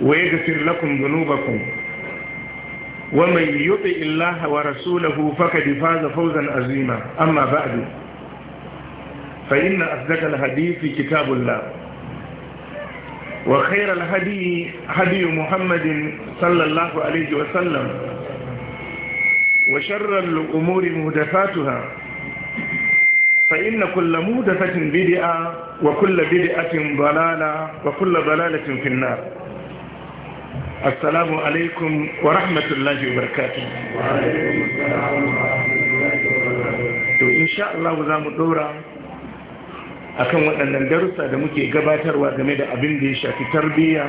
ويغفر لكم ذنوبكم ومن يطع الله ورسوله فقد فاز فوزا عظيما أما بعد فإن أصدق الحديث كتاب الله وخير الهدي هدي محمد صلى الله عليه وسلم وشر الأمور مهدفاتها فإن كل مهدفة بدعة وكل بدعة ضلالة وكل ضلالة في النار assalamu alaikum wa rahmatullahi wa barakatuh to insha Allah za mu dora akan waɗannan darussa da muke gabatarwa game da abin da ya shafi tarbiyya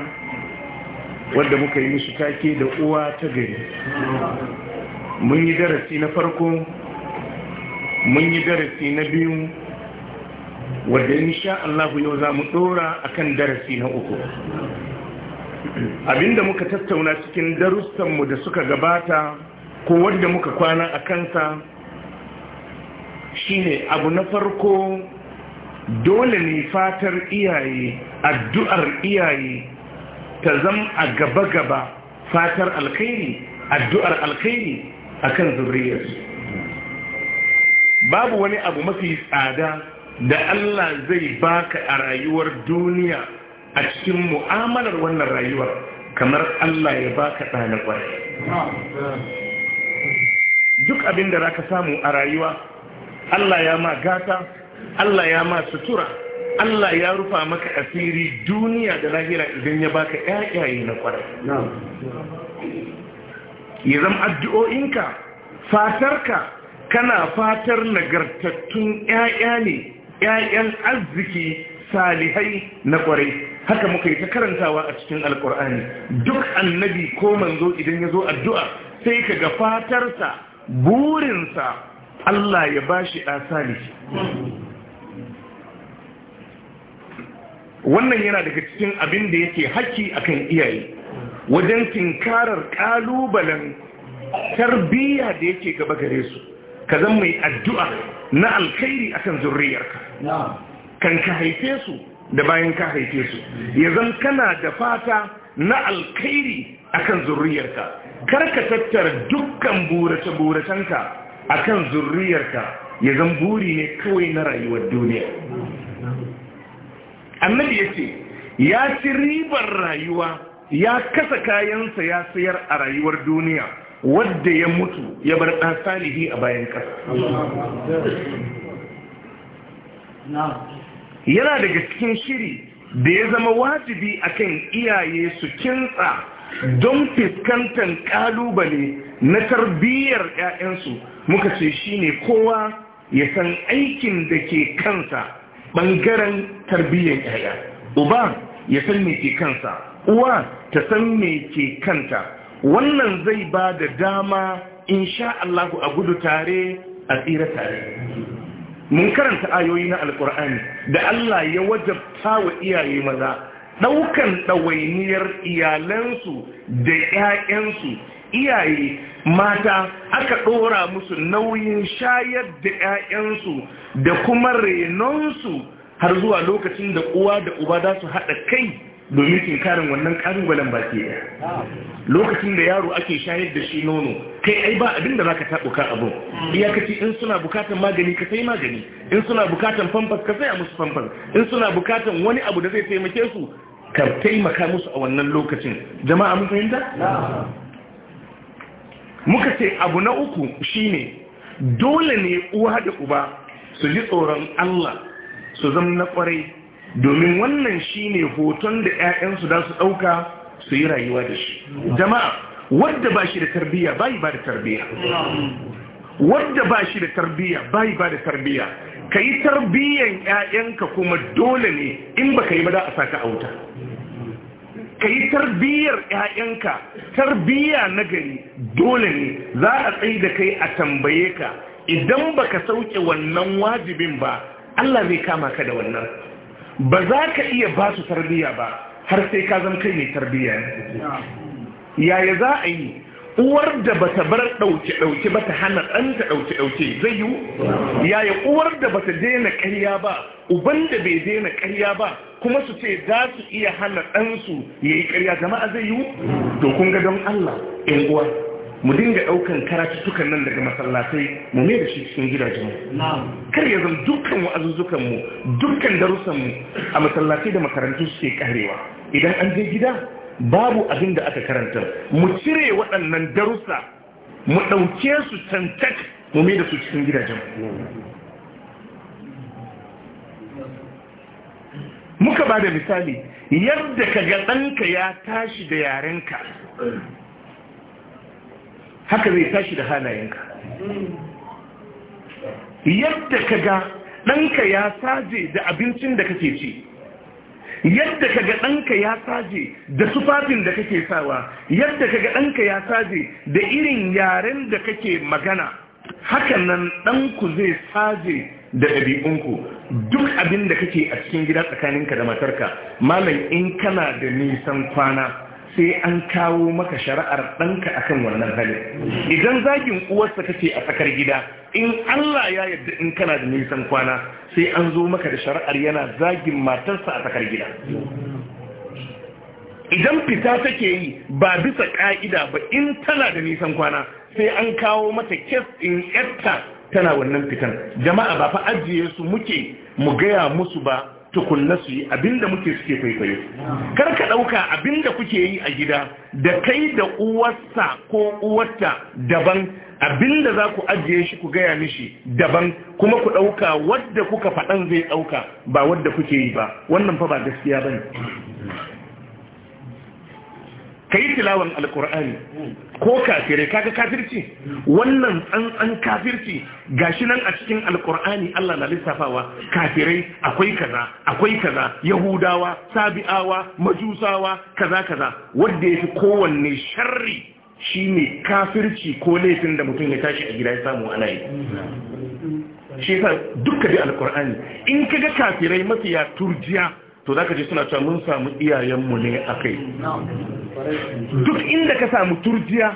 wadda muka yi musu take da uwa ta gari mun yi darasi na farko mun yi darasi na biyu wadda insha Allah yau za mu dora akan darasi na uku abinda muka tattauna cikin darussanmu da suka gabata ko wadda muka kwana a kansa shi ne abu na farko dole ne fatar iyaye addu'ar iyaye ta zama a gaba-gaba fatar alkhairi addu'ar alkhairi akan zuriyarsu babu wani abu mafi tsada da Allah zai baka a rayuwar duniya a cikin mu'amalar wannan rayuwar kamar Allah ya baka ɗana ƙwarai duk abin da zaka samu a rayuwa Allah ya ma gata Allah ya ma sutura Allah ya rufa maka asiri duniya da lahira idan ya baka ƴaƴaye na ƙwarai ya zama addu'o'inka fatarka kana fatar nagartattun ƴaƴa ne ƴaƴan arziki salihai na kwarai haka muka yi ta karantawa a cikin Alƙur'ani duk annabi ko manzo idan ya zo addu'a sai ka ga fatarsa burinsa Allah ya bashi ɗa salihi wannan yana daga cikin abin da yake haƙƙi akan iyaye wajen tinkarar ƙalubalen tarbiyya da yake gaba gare su ka zan mai addu'a na alkhairi akan zurriyarka kan ka haife su da bayan ka haife su ya zan kana da fata na alkhairi akan zurriyarka kar ka tattara dukkan burace-buracenka akan zurriyarka ya zan buri ne kawai na rayuwar duniya annabi ya ce ya ci ribar rayuwa ya kasa kayansa ya sayar a rayuwar duniya wadda ya mutu ya bar ɗan salihi a bayan ƙasa yana daga cikin shiri da ya zama wajibi a kan iyaye su kintsa don fuskantar kalubale na tarbiyyar 'ya'yansu muka ce shine kowa ya san aikin da ke kansa ɓangaren tarbiyyar 'ya'ya uba ya san me ke kansa uwa ta san me ke kanta wannan zai ba da dama in sha Allah a gudu tare a tsira tare mun karanta ayoyi na alkur'ani da Allah ya wajabta wa iyaye maza ɗaukan ɗawainiyar iyalansu da 'ya'yansu iyaye mata aka ɗora musu nauyin shayar da 'ya'yansu da kuma renonsu har zuwa lokacin da uwa da uba za su haɗa kai domin karin wannan ƙalubalen baki. lokacin da yaro ake shayar da shi nono kai ai ba abinda da zaka tabuka abu. iyakaci in suna bukatan magani ka sai magani in suna bukatan famfas ka sai a musu famfas in suna bukatan wani abu da zai taimake su ka taimaka musu a wannan lokacin jama'a mun fahimta muka ce abu na uku shine dole ne uwa da uba su ji tsoron Allah su zama na kwarai domin wannan shine hoton da 'ya'yansu da su ɗauka su yi rayuwa da shi jama'a wadda ba shi da tarbiyya yi ba da tarbiyya wadda ba shi da tarbiyya yi ba da tarbiyya ka yi tarbiyyan 'ya'yanka kuma dole ne in ba ka yi ba za a saka auta ka yi tarbiyyar 'ya'yanka tarbiyya na gari dole ne za a tsaye da kai a tambaye ka idan ba ka sauke wannan wajibin ba Allah zai kama ka da wannan ba za ka iya ba su tarbiyya ba har sai ka zama kai mai tarbiyya yaya za a yi uwar da bata bar ɗauke-ɗauke ba ta hana ɗanta ɗauke-ɗauke zai yiwu yaya uwar da bata daina ƙarya ba uban da bai daina karya ba kuma su ce za su iya hana ɗansu ya yi ƙarya jama'a zai yiwu to kun ga don allah 'yan uwa mu dinga ɗaukan karatuttukan nan daga masallatai mu mai da shi cikin gidajenmu kar ya zama dukkan mu dukkan darussanmu a masallatai da makarantu ke karewa idan an je gida babu abin da aka karanta mu cire waɗannan darussa mu ɗauke su tantak mu mai da su cikin gidajenmu muka ba da misali yadda ka ga ɗanka ya tashi da yarenka haka zai tashi da halayenka yadda ka ga ɗanka ya saje da abincin da kake ci yadda ka ga ɗanka ya saje da sufafin da kake sawa yadda ka ga ɗanka ya saje da irin yaren da kake magana hakan nan ɗanku zai saje da ɗabi'unku duk abin da kake a cikin gida tsakaninka da matarka malam in kana da nisan kwana sai an kawo maka shari'ar ɗanka akan wannan hali. idan zagin uwarsa kake a tsakar gida in Allah ya yadda in kana da nisan kwana sai an zo maka da shari'ar yana zagin matarsa a tsakar gida idan fita take yi ba bisa ƙa'ida ba in tana da nisan kwana sai an kawo mata kes in yatta tana wannan fitan jama'a ba fa ajiye su muke mu gaya musu ba tukunna su yi abinda muke suke kwaikwayo kar ka ɗauka abinda kuke yi a gida da kai da uwarsa ko uwarta daban abinda za ku ajiye shi ku gaya mishi daban kuma ku ɗauka wadda kuka faɗan zai ɗauka ba wadda kuke yi ba wannan fa ba gaskiya ba ne ka yi tilawan alkur'ani ko kafirai kaga kafirci wannan tsantsan kafirci gashi nan a cikin alkur'ani Allah na lissafawa kafirai akwai kaza akwai kaza yahudawa sabi'awa majusawa kaza kaza wanda yafi kowanne sharri shine kafirci ko laifin da mutum ya tashi a gida ya samu ana yi shi yasa dukkan alkur'ani in kaga kafirai mafiya turjiya to za ka ji suna cewa mun samu iyayenmu ne a kai duk inda ka samu turjiya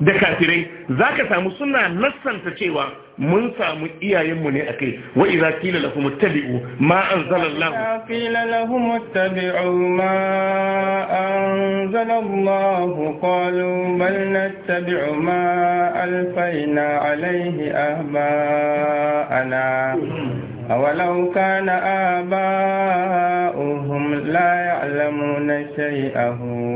da kafirai za ka samu suna nassanta cewa mun samu iyayenmu ne a kai wai za kila lahum ittabi'u ma anzalallahu kila lahum ittabi'u ma anzalallahu qalu bal nattabi'u a alfayna أولو كان آباؤهم لا يعلمون شيئا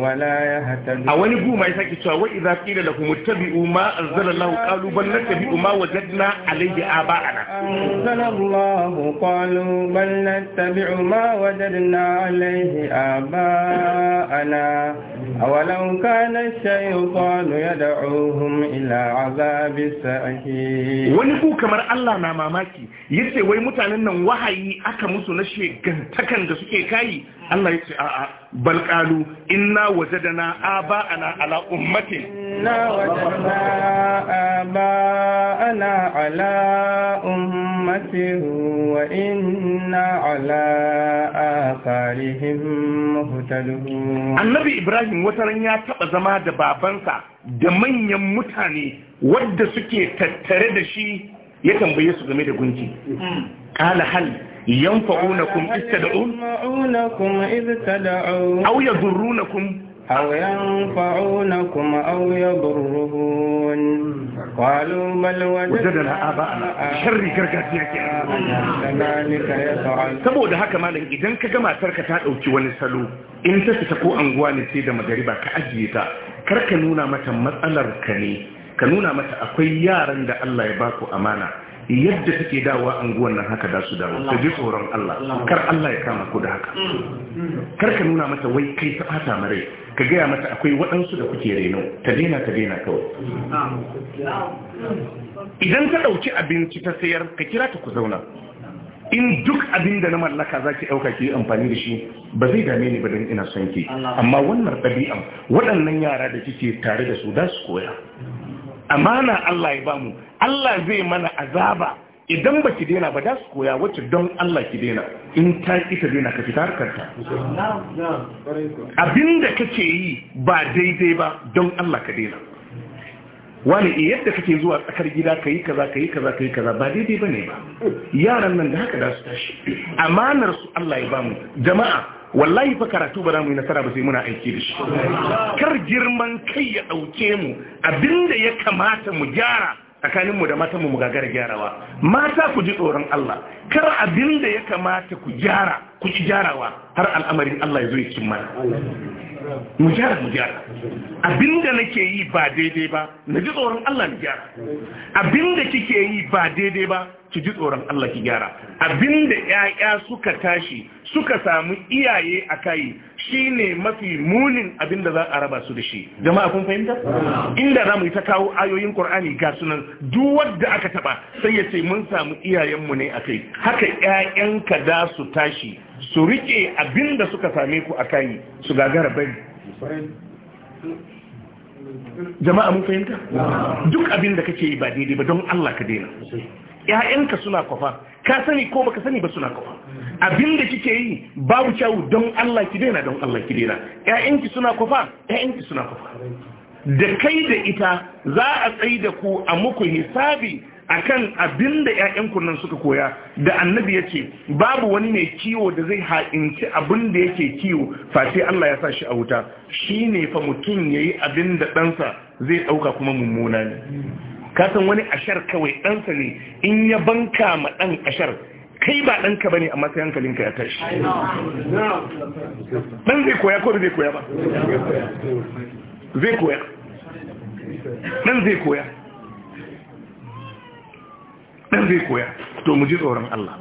ولا يهتدون أولي قوما يساكي وإذا قيل لهم اتبعوا ما أنزل الله قالوا بل نتبع ما وجدنا عليه آباءنا أنزل الله قالوا بل نتبع ما وجدنا عليه آباءنا أولو كان الشيطان يدعوهم إلى عذاب السعير ونقول كما الله نعماماكي يسي ويمتع mutanen nan wahayi aka musu na shekantakan da suke kayi Allah ya ce a'a bal inna wajadana aba'ana ala ummati inna wajadana aba'ana ala ummati wa inna ala atharihim muhtadun Annabi Ibrahim wataran ya taba zama da babansa da manyan mutane wadda suke tattare da shi ya tambaye su game da gunki hmm. قال هل ينفعونكم إذ تدعون أو يضرونكم أو ينفعونكم أو يضرون قالوا بل وجدنا آباءنا شر gargajiya ke saboda haka malam idan ka ga tarka ta ɗauki wani salo in ta fita ko anguwa ne sai da magariba ka ajiye ta kar ka nuna mata matsalar ka ne ka nuna mata akwai yaran da Allah ya baku amana yadda take dawa guwan nan haka da su dawo ta ji tsoron Allah kar Allah ya kama ku da haka mm. Mm. kar ka nuna mata wai kai ta fata mare ka gaya mata akwai waɗansu da kuke reno ta daina ta daina kawai mm. idan ta ɗauki abinci ta sayar ka kira ta ku zauna in duk abin da na mallaka za ki ɗauka ki amfani da shi ba zai dame ni ba don ina son ki amma wannan ɗabi'an waɗannan yara da kike tare da su da su koya amana Allah ya bamu Allah zai mana azaba idan ba ki daina ba da su koya wacce don Allah ki daina in ta ki ta daina ka fita ta abinda kake yi ba daidai ba don Allah ka daina wani eh, yadda kake zuwa tsakar gida ka kaza ka kaza ka kaza ba daidai ba ba yaran nan da haka da su tashi amanar su Allah ya bamu jama'a wallahi fa karatu ba za mu yi nasara ba sai muna aiki da shi kar girman kai ya ɗauke mu abinda ya kamata mu gyara tsakaninmu da matanmu mu gagara gyarawa mata ku ji tsoron Allah kar abinda ya kamata ku gyara ku ci gyarawa har al'amarin Allah ya zo ya cin mu gyara mu gyara abin da nake yi ba daidai ba na ji tsoron Allah mu gyara Abinda da kike yi ba daidai ba ki ji tsoron Allah ki gyara abinda 'ya'ya suka tashi suka samu iyaye a kai shine mafi munin abinda za a raba su da shi jama'a kun fahimta inda zamu ta kawo ayoyin Qur'ani ga sunan duk wanda aka taba sai ya ce mun samu iyayenmu ne a kai. haka ƴaƴanka da su tashi su rike abinda suka same ku a kai su gagara bari jama'a mun fahimta duk abinda kake yi ba daidai ba don Allah ka daina ‘ya'yanka suna kwafa ka sani ko baka sani ba suna kwafa abinda kike yi babu kyawu don Allah ki daina don Allah ki daina ‘ya'yanki suna kwafa ‘ya'yanki suna kwafa da kai da ita za a tsayi da ku a muku hisabi kan abin da 'ya'yanku nan suka koya da annabi ya ce babu wani mai kiwo da zai ha'inci abin da yake kiwo face Allah ya sa shi a wuta shi ne fa mutum ya yi abin da ɗansa zai ɗauka kuma mummuna ne kasan wani ashar kawai ɗansa ne in ya banka ma ɗan ashar kai ba ɗanka ba ne amma sai hankalinka ya tashi ɗan zai koya ko zai koya ba zai koya ɗan zai koya ɗan zai koya to mu ji tsoron Allah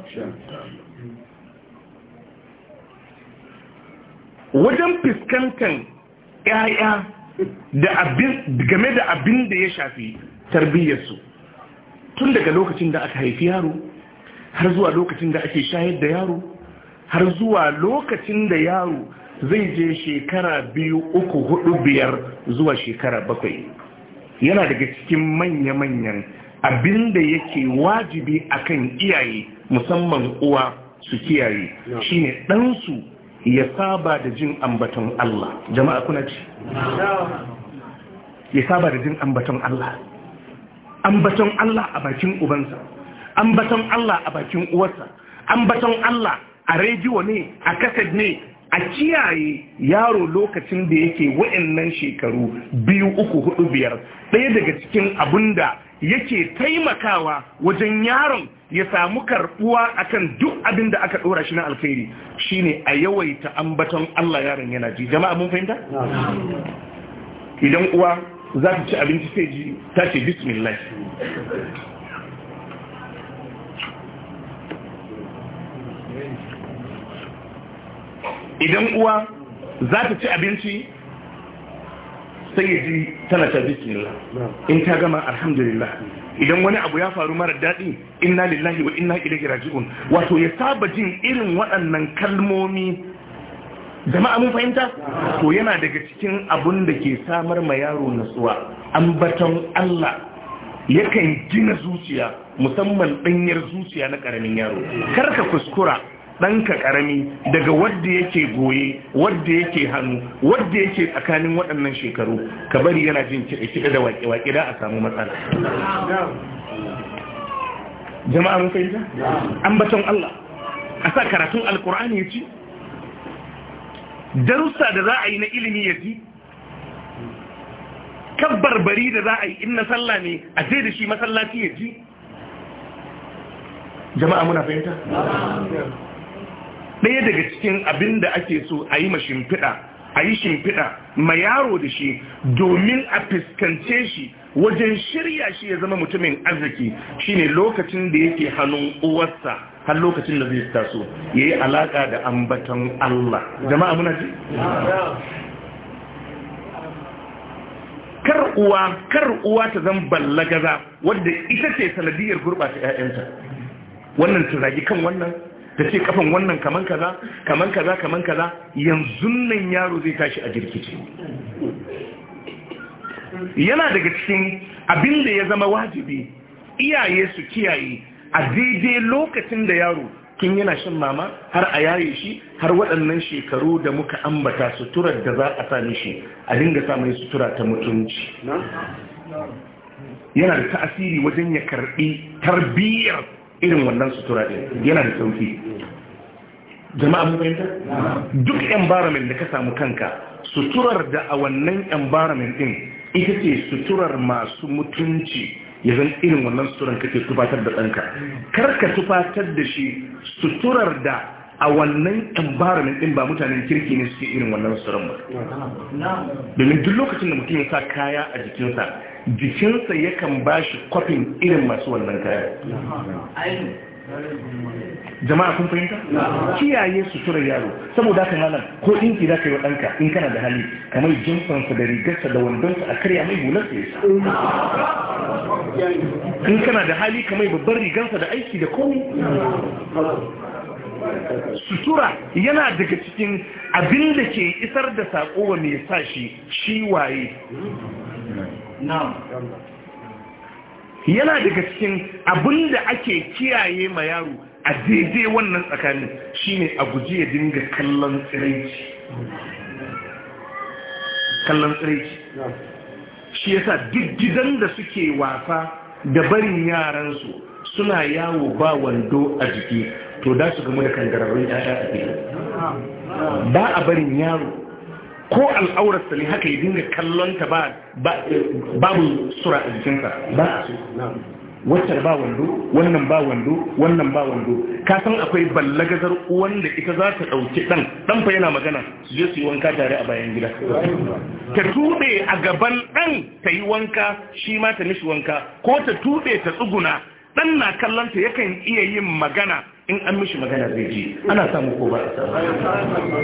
wajen fuskantar 'ya'ya game da abin da ya shafi tarbiyyarsu tun daga lokacin da aka haifi yaro har zuwa lokacin da ake shayar da yaro har zuwa lokacin da yaro zai je shekara biyu uku hudu biyar zuwa shekara bakwai yana daga cikin manya-manyan abinda yake wajibi akan iyaye musamman uwa su kiyaye shine ɗansu ya saba da jin ambaton Allah jama'a kuna ci ya saba da jin ambaton Allah ambaton Allah a bakin ubansa ambaton Allah a bakin uwarsa ambaton Allah a rediyo ne a kasad ne a kiyaye yaro lokacin da yake wa'annan shekaru biyu uku hudu biyar ɗaya daga cikin abun da yake taimakawa wajen yaron ya samu karbuwa akan duk abin da aka ɗora shi na alkhairi shine a yawaita ambaton Allah yaron yana ji jama'a mun fahimta idan uwa za ta ci abinci sai ji ta ce bismillah idan uwa za ta ci abinci sai ya ji tana ta bismillah in ta gama alhamdulillah idan wani abu ya faru mara daɗi inna lillahi wa inna ilaihi raji'un wato ya saba jin irin waɗannan kalmomi jama'a mun fahimta to yana daga cikin abun da ke samar ma yaro natsuwa ambaton Allah yakan gina zuciya musamman ɗanyar zuciya na ƙaramin yaro karka kuskura ɗanka ƙarami daga wanda yake goye wanda yake hannu wanda yake tsakanin waɗannan shekaru ka bari yana jin kida da waƙe-waƙe da a samu matsala jama'a mun fahimta ambaton Allah a sa karatun alkur'ani ya ci darussa da za a yi na ilimi ya ji kabbarbari da za a yi in na sallah ne a zai da shi masallaci ya ji jama'a muna fahimta ɗaya daga cikin abin da ake so a yi mashimfiɗa a yi shimfiɗa ma yaro da shi domin a fuskance shi wajen shirya shi ya zama mutumin arziki shine lokacin da yake hannun uwarsa har lokacin da zai taso ya yi alaƙa da ambatan Allah jama'a muna ji? kar uwa kar uwa ta zan ballagaza wadda ita ce sanadiyar gurɓata 'ya'yanta wannan ta zagi kan wannan ta ce kafan wannan kaman kaza kaman kaza kaman kaza yanzu nan yaro zai tashi a jirkice yana daga cikin abin da ya zama wajibi iyaye su kiyaye a daidai lokacin da yaro kin yana shan mama har a yaye shi har waɗannan shekaru da muka ambata suturar da za a sami shi a dinga samun sutura ta mutunci yana da ta'asiri wajen ya karɓi tarbiyyar irin wannan sutura ɗin yana da sauki jama'a mun fahimta duk environment da ka samu kanka suturar da a wannan environment ɗin ita ce suturar masu mutunci ya zan irin wannan suturan kake tufatar da ɗanka kar ka tufatar da shi suturar da a wannan environment ɗin ba mutanen kirki ne suke irin wannan suturan ba domin duk lokacin da mutum ya sa kaya a jikinsa jikinsa yakan ba shi kwafin irin masu wannan kaya jama'a kun fahimta kiyaye suturar yaro saboda haka malam ko dinki ki ka yi wa ɗanka in kana da hali kamar jinsansa da sa da sa a karya mai hular sa in kana da hali kamar babban sa da aiki da komi sutura yana daga cikin abin da ke isar da sako wa mai sa shi shi waye yana daga cikin abin da ake kiyaye ma yaro a daidai wannan tsakanin shine a guji ya dinga kallon tsiraici kallon tsiraici shi yasa duk gidan da suke wasa da barin yaransu suna yawo ba wando a jiki to da su gamu da kangararrun 'ya'ya a ba a barin yaro ko al'aurarsa ne haka ya dinga kallonta ba babu sura a jikinsa ba wacce ba wando wannan ba wando wannan ba wando ka san akwai ballagazar uwan da ita za ta ɗauki ɗan ɗan fa yana magana su su yi wanka tare a bayan gida ta tuɓe a gaban ɗan ta yi wanka shi ma ta mishi wanka ko ta tuɓe ta tsuguna ɗan na kallonta yakan iya yin magana in an mishi magana zai ji ana samu ko ba a samu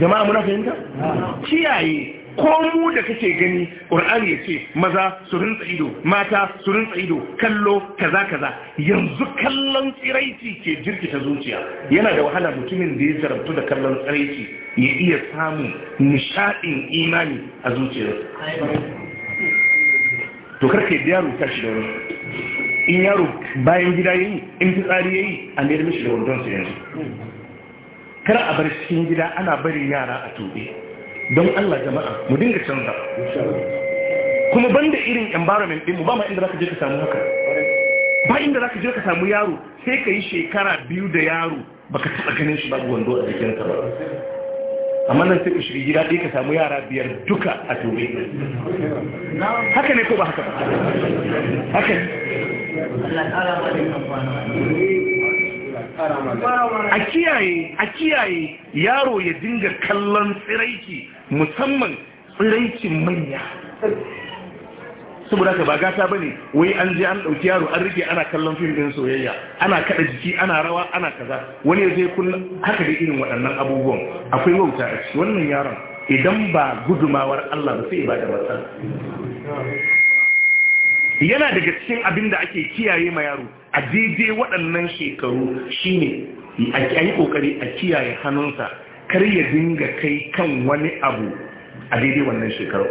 jama'a muna fahimta kiyaye ko mu da kake gani ƙur'ani ya ce maza su rinsa ido mata su rinsa ido kallo kaza kaza yanzu kallon tsiraici ke jirkita zuciya yana da wahala mutumin da ya zarabtu da kallon tsiraici ya iya samun nishaɗin imani a zuciyar to karka yadda yaro tashi da wani in yaro bayan gida yi in fitsari yayi a ne a mishi da wandon su yanzu kar a bar cikin gida ana barin yara a tobe. don Allah jama'a mu dinga canza kuma banda irin environment din mu ba ma inda zaka je ka samu haka ba inda zaka je ka samu yaro sai ka yi shekara biyu da yaro baka taɓa ganin shi babu wando a cikin ka ba amma nan sai ka shiga gida dai ka samu yara biyar duka a tobe. haka ne ko ba haka ba haka ne a kiyaye a kiyaye yaro ya dinga kallon tsiraiki musamman tsiraikin manya saboda ka ba gata bane wai an je an dauki yaro an rike ana kallon fim din soyayya ana kada jiki ana rawa ana kaza wani zai kunna haka da irin waɗannan abubuwan akwai wauta a ciki wannan yaron idan ba gudumawar Allah ba sai ba da matsala yana daga cikin abin da ake kiyaye ma yaro a daidai waɗannan shekaru shine a yi kokari a kiyaye hannunsa kar ya dinga kai kan wani abu a daidai wannan shekaru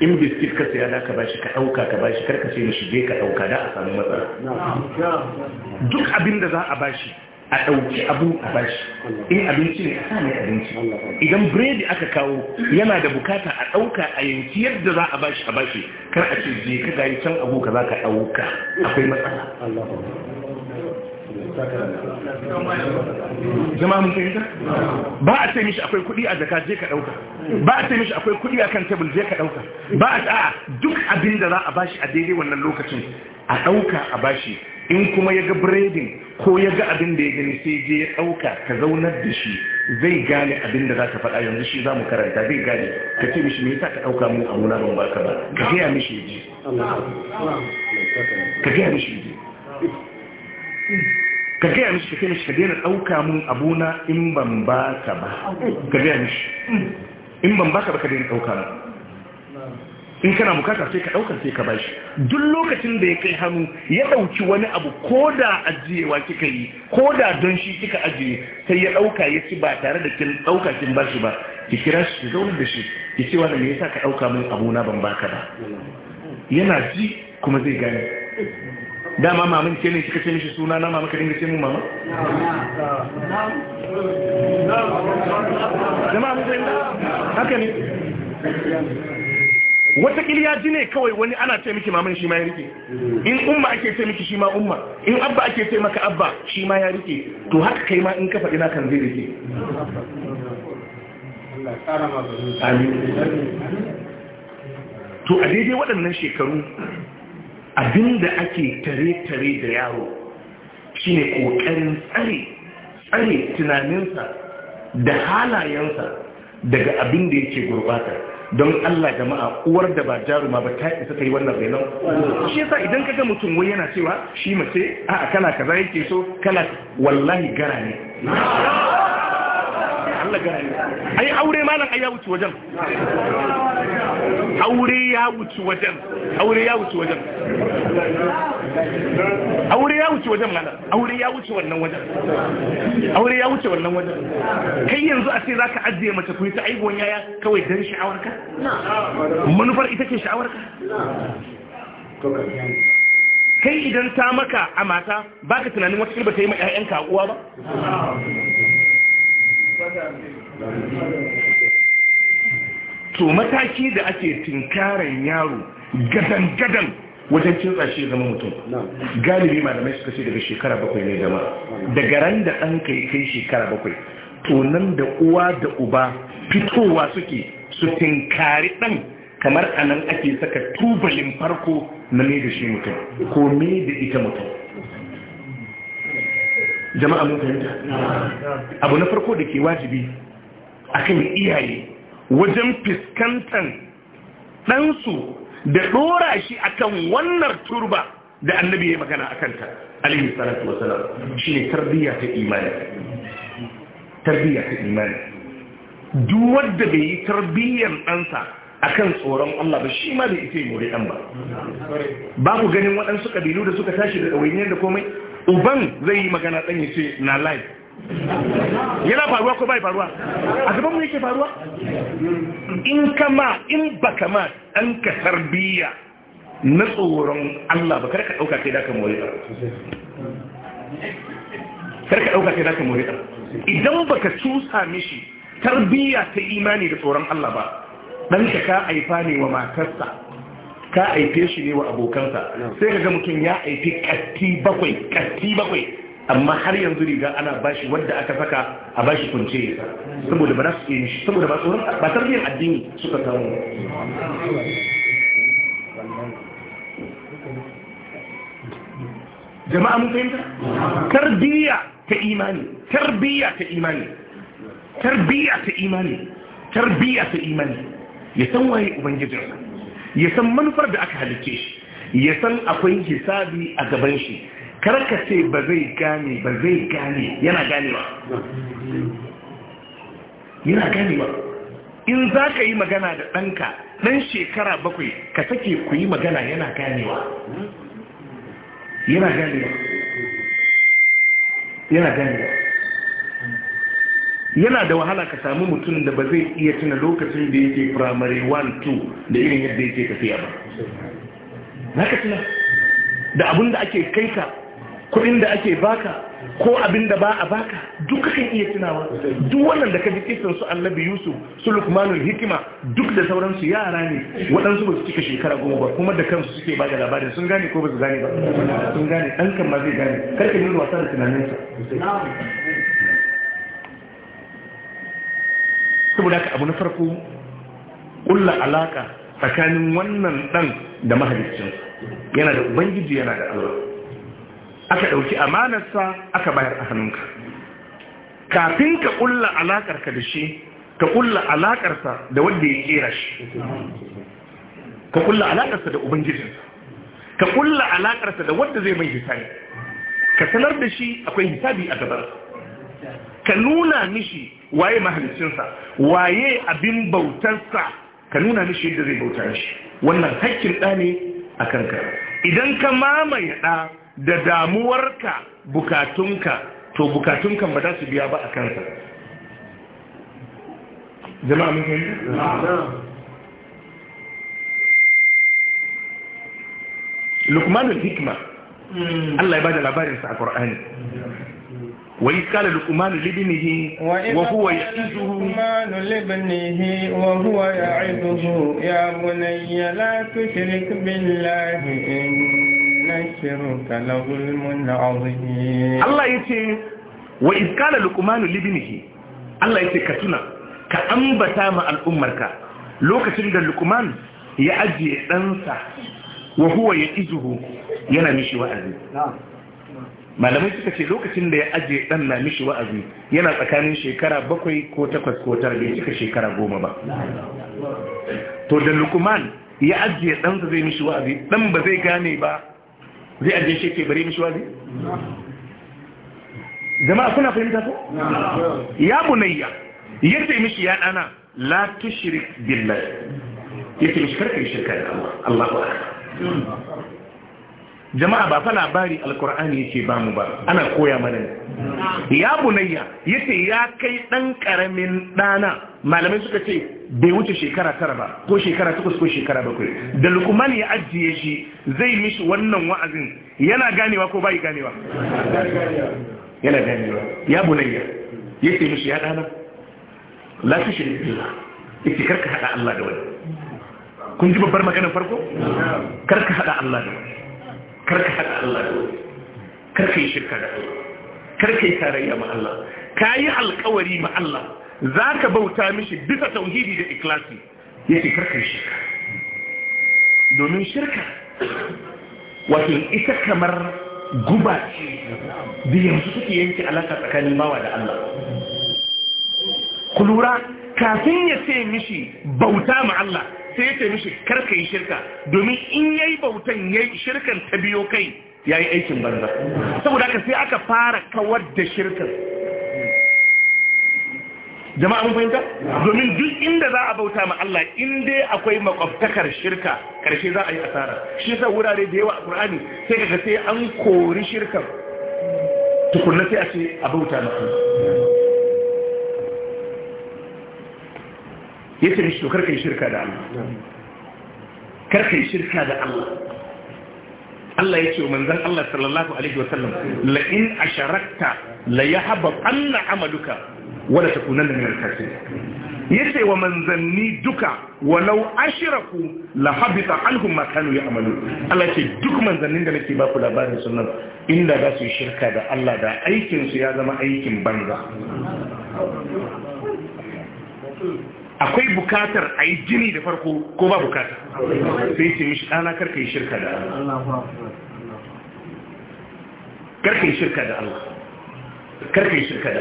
in biskit ka saya da ka bashi ka ɗauka ka bashi karka sai da shi je ka ɗauka da a samu matsala duk abin da za a bashi a ɗauki abu a bashi in abinci ne a sa mai abinci idan biredi aka kawo yana da bukata a ɗauka a yanki yadda za a bashi a bashi kar a ce je ka gayi can abu ka za ka ɗauka akwai matsala jama'a mun fahimta ba a ce mishi akwai kuɗi a zaka je ka ɗauka ba a ce mishi akwai kuɗi a kan tebul je ka ɗauka ba a duk abin da za a bashi a daidai wannan lokacin a ɗauka a bashi in kuma ya ga biredin ko ya ga abin da ya gani sai je ya ɗauka ka zaunar da shi zai gane abin da za ka faɗa yanzu shi za mu karanta zai gane ka ce mishi me yasa ka ɗauka mu a muna ban baka ba ka gaya mishi ji ka gaya mishi ji ka gaya mishi ka ce mishi ka daina ɗauka mun abuna in ban baka ba ka gaya mishi in ban baka ba ka daina ɗauka mun in kana bukata sai ka ɗaukar sai ka bashi duk lokacin da ya kai hannu ya ɗauki wani abu ko da ajiyewa kika yi ko da don shi kika ajiye sai ya ɗauka ya ci ba tare da kin ɗauka kin bashi ba ki kira shi ki zaunar da shi ki ce wani me yasa ka ɗauka min abu na ban baka ba yana ji kuma zai gane dama mamin ke ne kika ce mishi suna na mama ka dinga ce mu mama haka ne wata ya ji ne kawai wani ana ce maman shi ma ya rike in umma ake ce miki shi ma umma in abba ake ce abba shi ma ya rike to haka kai ma in ka ina na kan zai rike to a daidai waɗannan shekaru abinda ake tare-tare da yaro shine ƙoƙarin tsare tsare tunaninsa da halayensa daga abinda yake gurbata don Allah jama'a uwar da ba jaruma ba ta isa ta yi wannan renon shi yasa idan ka ga mutum wai yana cewa shi mace a'a kana kaza yake so kana wallahi gara ne Allah rayuwa ai aure malam ai ya wuce wajen aure ya wuce wajen aure ya wuce wajen aure ya wuce wajen malam aure ya wuce wannan wajen aure ya wuce wannan wajen kai yanzu a ce zaka ajiye mace ku ta aibon yaya kawai dan ka, manufar ita ce ka, kai idan ta maka a mata baka tunanin wata kirba ta yi ma 'ya'yanka uwa ba to mataki da ake tinkaran yaro gadan-gadan wajen cin shi zama mutum galibi malamai suka ce daga shekara bakwai ne zama daga ran da ɗan kai kai shekara bakwai to nan da uwa da uba fitowa suke su tinkari ɗan kamar anan ake saka tubalin farko na mai da shi mutum ko mai da ita mutum jama'a mun fahimta abu na farko da ke wajibi akan iyaye wajen fiskantan ɗansu da ɗora shi akan wannan turba da annabi ya magana a kanta alaihi salatu wasalam shine tarbiyya ta imani tarbiyya ta imani duk wanda bai yi tarbiyyar ɗansa akan tsoron Allah ba shi ma bai ita yi more ɗan ba ba ku ganin waɗansu ƙabilu da suka tashi da ɗawainiyar da komai uban zai yi magana ɗan ya ce na live yana faruwa ko bai faruwa a gaban mu yake faruwa in kama in ba ma ɗan ka tarbiya na tsoron Allah ba kar ka ɗauka kai da ka more kar ka ɗauka kai da ka more idan baka cusa mishi tarbiya ta imani da tsoron Allah ba dan ka ka aifa ne wa matarsa ka aife shi ne wa abokansa sai kaga mutum ya aifi katti bakwai katti bakwai amma har yanzu riga ana bashi wanda aka saka a bashi kunce saboda ba su yi saboda ba tsoron ba tarbiyyar addini suka samu jama'a mun fahimta tarbiyya ta imani tarbiyya ta imani tarbiyya ta imani tarbiyya ta imani ya san waye ubangijinsa ya san manufar da aka halicce shi ya san akwai hisabi a gaban shi karka ce ba zai gane ba zai gane yana ganewa yana ganewa in za ka yi magana da ɗanka ɗan shekara bakwai ka sake ku yi magana yana ganewa yana ganewa yana ganewa yana da wahala ka samu mutum da ba zai iya tuna lokacin da yake firamare 1-2 da irin yadda yake tafiya ba na ka tuna da abin da ake kai ka kudin da ake baka ko abin da ba a baka duk kan iya tunawa duk wannan da ka ji kisan su annabi yusuf su lukmanul hikima duk da sauransu yara ne waɗansu ba su cika shekara goma ba kuma da kansu suke ba da labarin sun gane ko ba su gane ba sun gane ɗan kan ma zai gane karka nuna wasa da tunaninsa saboda ka abu na farko ƙulla alaka tsakanin wannan dan da mahaliccin yana da ubangiji yana da Allah aka dauki amanarsa aka bayar a hannunka kafin ka ƙulla alakar ka da shi ka ƙulla alaƙarsa da wanda ya kera shi ka ƙulla alaƙarsa da ubangijinsa ka ƙulla alaƙarsa da wanda zai mai hisabi ka sanar da shi akwai hisabi a gabar ka nuna mishi waye mahalicinsa waye abin bautarsa ka nuna mishi yadda zai bauta shi wannan hakkin ɗa ne a kanka idan ka mamaye ɗa da damuwarka bukatunka to bukatunka ba za su biya ba a kansa jama'a mun lukmanul hikma hmm. Allah ya bada labarinsa a Qur'ani وإذ قال لقمان لابنه وهو يعظه لقمان لابنه وهو يعظه يا بني لا تشرك بالله إن الشرك لظلم عظيم الله يتي وإذ قال لقمان لابنه الله يتي كتنا كأنبتا مع الأمركا لو كتن دا لقمان يأجي أنسى وهو يعظه ينمشي وأذي نعم malamai suka ce lokacin da ya aje dan na mishi wa'azi yana tsakanin shekara bakwai ko takwas ko tara bai cika shekara goma ba to da lukuman ya ajiye ɗansa zai mishi wa'azi dan ba zai gane ba zai ajiye shi ke bare mishi wa'azi jama'a kuna fahimta ko ya bunayya yadda mishi ya dana, la tushrik billah yace mishi karka shirka da Allah Allahu akbar jama'a ba fa labari alkur'ani yake ba mu ba ana koya mana ne ya bunayya yace ya kai dan karamin dana malamai suka ce bai wuce shekara tara ba ko shekara takwas ko shekara bakwai da lukman ya ajiye shi zai mishi wannan wa'azin yana ganewa ko bai ganewa yana ganewa ya bunayya yace mishi ya dana la tushrik billah yace karka hada Allah da wani kun ji babbar maganar farko karka hada Allah da wani karka haɗa Allah da wani karka yi shirka da Allah karka yi tarayya ma Allah ka yi alkawari ma Allah za ka bauta mishi bisa tauhidi da ikilasi ya ce karka yi shirka domin shirka wato ita kamar guba ce da yanzu suke yanke alaka tsakanin bawa da Allah ku lura kafin ya ce mishi bauta ma Allah sai ya ce mishi karka yi shirka domin in ya yi bautan yayi shirkan ta biyo kai ya yi aikin banza saboda haka sai aka fara kawar da shirkan jama'a mun fahimta domin duk inda za a bauta ma Allah in dai akwai makwabtakar shirka karshe za a yi asara shi sa wurare da yawa a Qur'ani sai kaga sai an kori shirkan tukunna sai a ce a bauta ma Allah ya ce mishi karka yi shirka da Allah karka yi shirka da Allah Allah ya ce manzan Allah sallallahu alaihi wasallam la in asharakta la yahba anna amaluka wala takunanna min al-kafirin yace wa manzanni duka walau ashraku la habita anhum ma kanu ya'malu Allah ce duk manzannin da nake ba ku labarin sunan inda za su yi shirka da Allah da aikin su ya zama aikin banza akwai bukatar a yi jini da farko ko ba bukatar sai ce mishi ɗana karka yi shirka da Allah karka yi shirka da Allah yi shirka da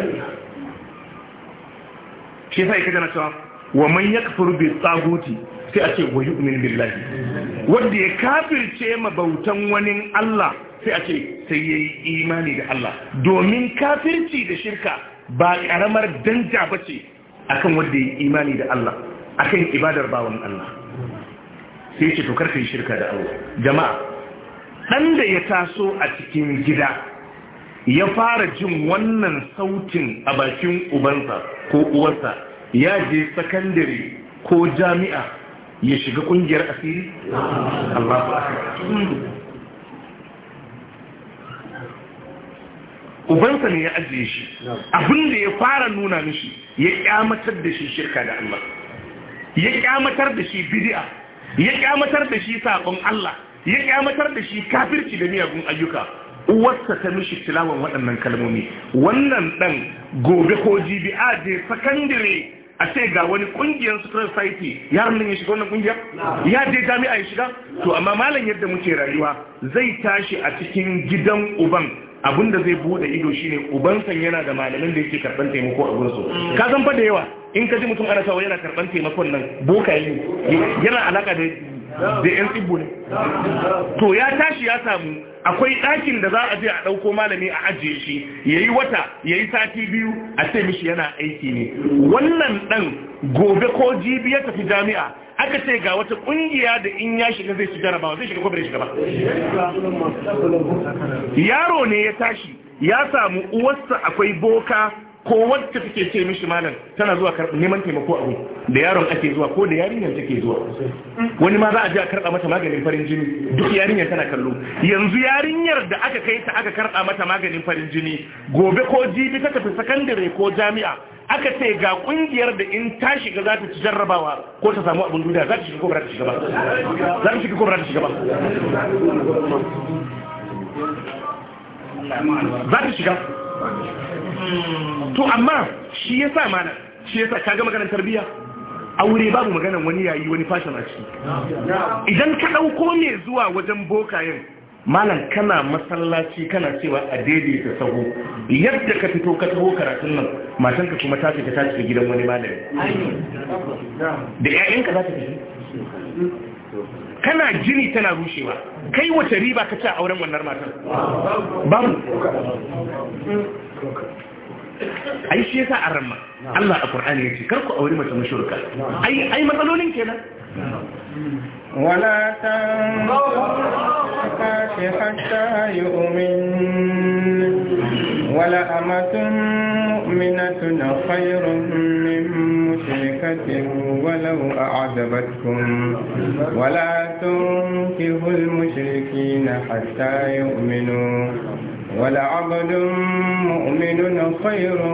shi sai ka gana cewa wa man yakfuru bi tsaguti sai a ce wa yu'min billahi wanda ya kafirce ma bautan wani Allah sai a ce sai yayi imani da Allah domin kafirci da shirka ba karamar danja bace akan wanda ya imani da Allah akan ibadar bawan Allah sai ce to karfe shirka da Allah jama'a dan da ya taso a cikin gida ya fara jin wannan sautin a bakin ubansa ko uwarsa ya je sakandare ko jami'a ya shiga kungiyar asiri Allahu akbar ubansa ne ya ajiye shi abinda ya fara nuna mishi ya kyamatar da shi shirka da Allah ya kyamatar da shi bid'a ya kyamatar da shi sakon Allah ya kyamatar da shi kafirci da miyagun ayyuka uwarsa ta mishi tilawan waɗannan kalmomi wannan ɗan gobe ko jibi'a je sakandire a ce ga wani kungiyar secret society yaron nan ya shiga wannan kungiyar ya je jami'a ya shiga to amma malam yadda muke rayuwa zai tashi a cikin gidan uban Abun da zai bude ido shine ubansan yana da malamin da yake karban taimako a gurinsu ka san fa da yawa in ka ji mutum ana cewa yana karban taimakon nan boka yi yana alaka da da 'yan ibu ne to ya tashi ya samu akwai ɗakin da za a je a ɗauko malami a ajiye shi ya yi wata ya yi sati biyu a ce mishi yana aiki ne wannan ɗan gobe ko jibi ya tafi jami'a aka ce ga wata ƙungiya da in ya shiga zai ci jarabawa zai shiga kwabar shiga ba yaro ne ya tashi ya samu uwarsa akwai boka ko wacce take ce mishi malam tana zuwa neman taimako abu da yaron ake zuwa ko da yarinyar take zuwa wani ma za a je a karɓa mata maganin farin jini duk yarinyar tana kallo yanzu yarinyar da aka kai ta aka karɓa mata maganin farin jini gobe ko jibi ta tafi sakandare ko jami'a aka ce ga kungiyar da in ta shiga za ta ci jarrabawa ko ta samu abin duniya za ta shiga ko ta shiga ba za ta shiga ko ba ta shiga ba za ta shiga to amma shi ya sa mana shi ya sa kaga maganar tarbiyya aure babu maganar wani yayi wani fashion a ciki idan ka ɗauko ne zuwa wajen bokayen malam kana masallaci kana cewa a daidaita sahu yadda ka fito ka taho karatun nan matanka kuma ta fita ta cika gidan wani malami da 'ya'yanka za ta fita kana jini tana rushewa kai wata riba ka ci a auren wannan matan babu ai shi yasa ramma Allah a Qur'ani yace kar ku aure mace mushrika ai ai matsalolin kenan wala tan hatta yu'min ولأمة مؤمنة خير من مشركة ولو أعجبتكم ولا تنكه المشركين حتى يؤمنوا ولعبد مؤمن خير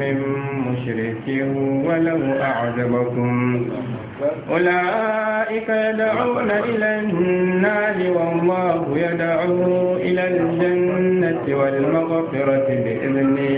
من مشرك ولو أعجبكم أولئك يدعون إلى النار والله يدعو إلى الجنة والمغفرة بإذنه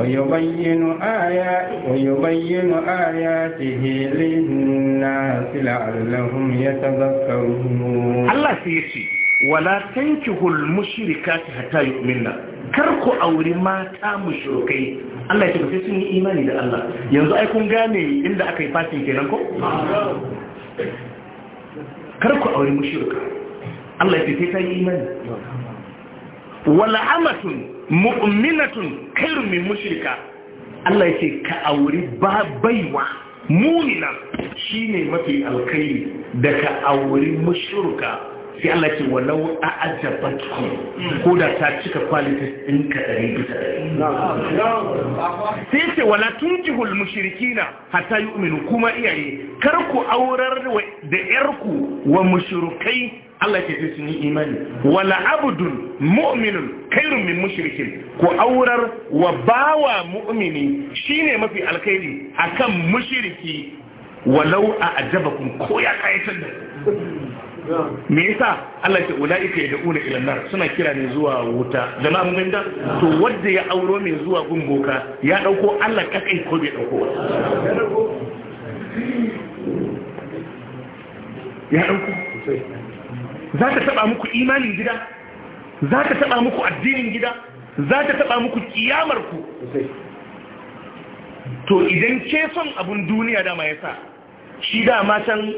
ويبين, آيات ويبين آياته للناس لعلهم يتذكرون الله سيسي ولا تنكه المشركات حتى يؤمننا kar ku auri mata mushrikai Allah ya ce sai sun yi imani da Allah yanzu ai kun gane inda aka yi fatin kenan ko kar ku auri mushrika Allah ya ce sai yi imani wala amatun mu'minatun khairu min mushrika Allah ya ce ka auri ba baiwa mumina shine mafi alkhairi da ka auri mushrika sai Allah ce walau a ajabat ko da ta cika kwalita in ka dare bisa sai ce wala tunjihul mushrikina yi yu'minu kuma iyaye kar ku aurar da yarku wa mushrikai Allah ce sun yi imani wala abdun mu'minun kairun min mushrikin ku aurar wa bawa mu'mini shine mafi alkhairi akan mushriki walau a ajabakum ko ya kayatar da me yasa Allah ya da ula ila nar suna kira ne zuwa wuta jama'a mun ganda to wanda ya auro mai zuwa gumboka ya dauko Allah kakai ko bai dauko ya dauko za ta taba muku imanin gida za ta taba muku addinin gida za ta taba muku kiyamar ku to idan ke son abun duniya dama yasa shi da can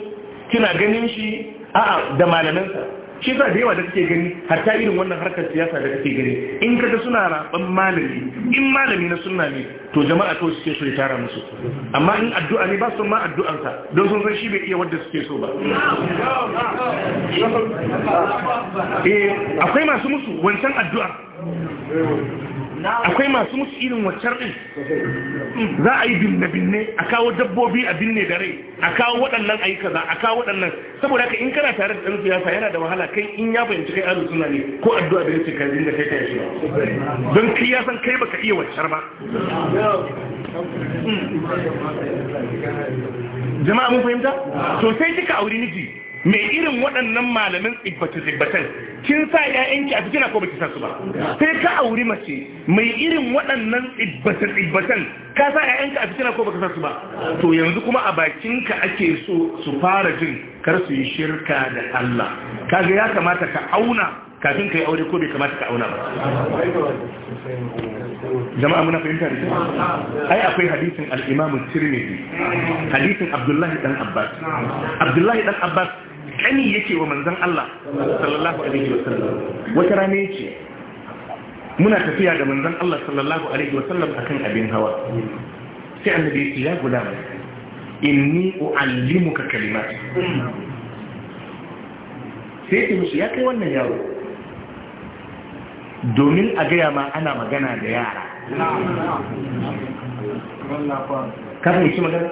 kina ganin shi a'a da malamansa shi sa da yawa da kake gani har ta irin wannan harkar siyasa da kake gani in kada suna raban malami in malami na sunna ne to jama'a to suke so ya tara musu amma in addu'a ne ba su ma addu'ansa don sun san shi bai iya wanda suke so ba eh akwai masu musu wancan addu'a akwai masu musu irin waccar ɗin za a yi binne-binne a kawo dabbobi a binne da rai a kawo waɗannan a yi kaza a kawo waɗannan saboda ka in kana tare da ɗan siyasa yana da wahala kai in ya fahimci kai azu suna ne ko addu'a da yace kai dinga kai kai shi don kai ya san kai baka iya waccar ba jama'a mun fahimta to sai kika auri miji mai irin waɗannan malamin tsibbatu-tsibbatan kin sa ‘ya'yanki a fitina ko baki sa su ba sai ka auri mace mai irin waɗannan tsibbatu-tsibbatan ka sa ‘ya'yanki a fitina ko baki sa su ba to yanzu kuma a bakinka ake so su fara jin kar su yi shirka da Allah kaga ya kamata ka auna kafin ka yi aure ko bai kamata ka auna ba jama'a muna fahimta da ai akwai hadisin al-imam tirmidhi hadisin abdullahi dan abbas abdullahi dan abbas kani yake wa manzan Allah sallallahu alaihi wasallam wata rana yake muna tafiya da manzan Allah sallallahu alaihi wasallam akan abin hawa sai annabi yake ya guda mai inni uallimuka kalimat sai ya musu ya kai wannan yaro domin a gaya ma ana magana da yara kafin shi magana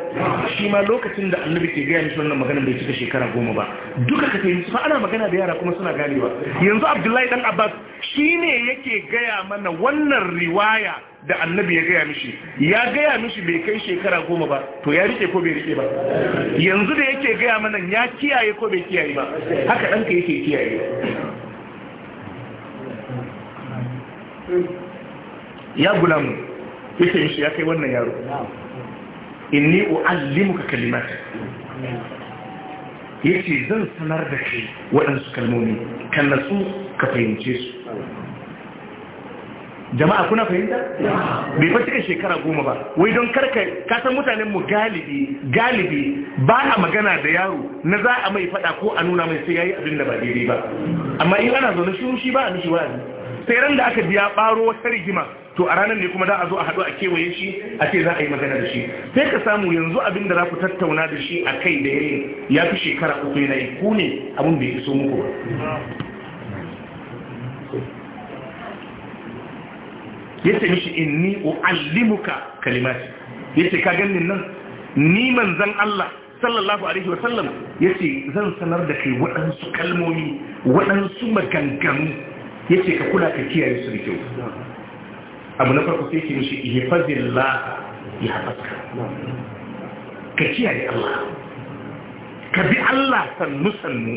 shi ma lokacin da annabi ke gaya musu wannan magana bai cika shekara goma ba duka ka fahimci fa ana magana da yara kuma suna ganewa yanzu abdullahi dan abbas shi ne yake gaya mana wannan riwaya da annabi ya gaya mishi ya gaya mishi bai kai shekara goma ba to ya rike ko bai rike ba yanzu da yake gaya mana ya kiyaye ko bai kiyaye ba haka ɗanka yake kiyaye ya gulamu yake shi ya kai wannan yaro inni u'allimuka kalimata yace zan sanar da kai waɗansu kalmomi kan nasu ka fahimce su jama'a kuna fahimta bai fa cika shekara goma ba wai don karka kasan mutanen mu galibi galibi ba a magana da yaro na za a mai fada ko a nuna mai sai yayi abin da ba daidai ba amma in ana zaune shi shi ba a mishi wa'azi sai ran da aka biya baro wata rigima to a ranar ne kuma za a zo a haɗu a kewaye shi a ce za a yi magana da shi sai ka samu yanzu abin da za ku tattauna da shi a kai da yayi ya fi shekara uku yana yi ku ne abin bai iso muku ba ya ce mishi inni u'allimuka kalimati ya ce ka ganin nan ni manzan Allah sallallahu alaihi wa sallam ya ce zan sanar da kai waɗansu kalmomi waɗansu maganganu ya ce ka kula ka kiyaye su da kyau abu na farko sai ke mishi la ya hafaska ka kiyaye Allah ka bi Allah sannu sannu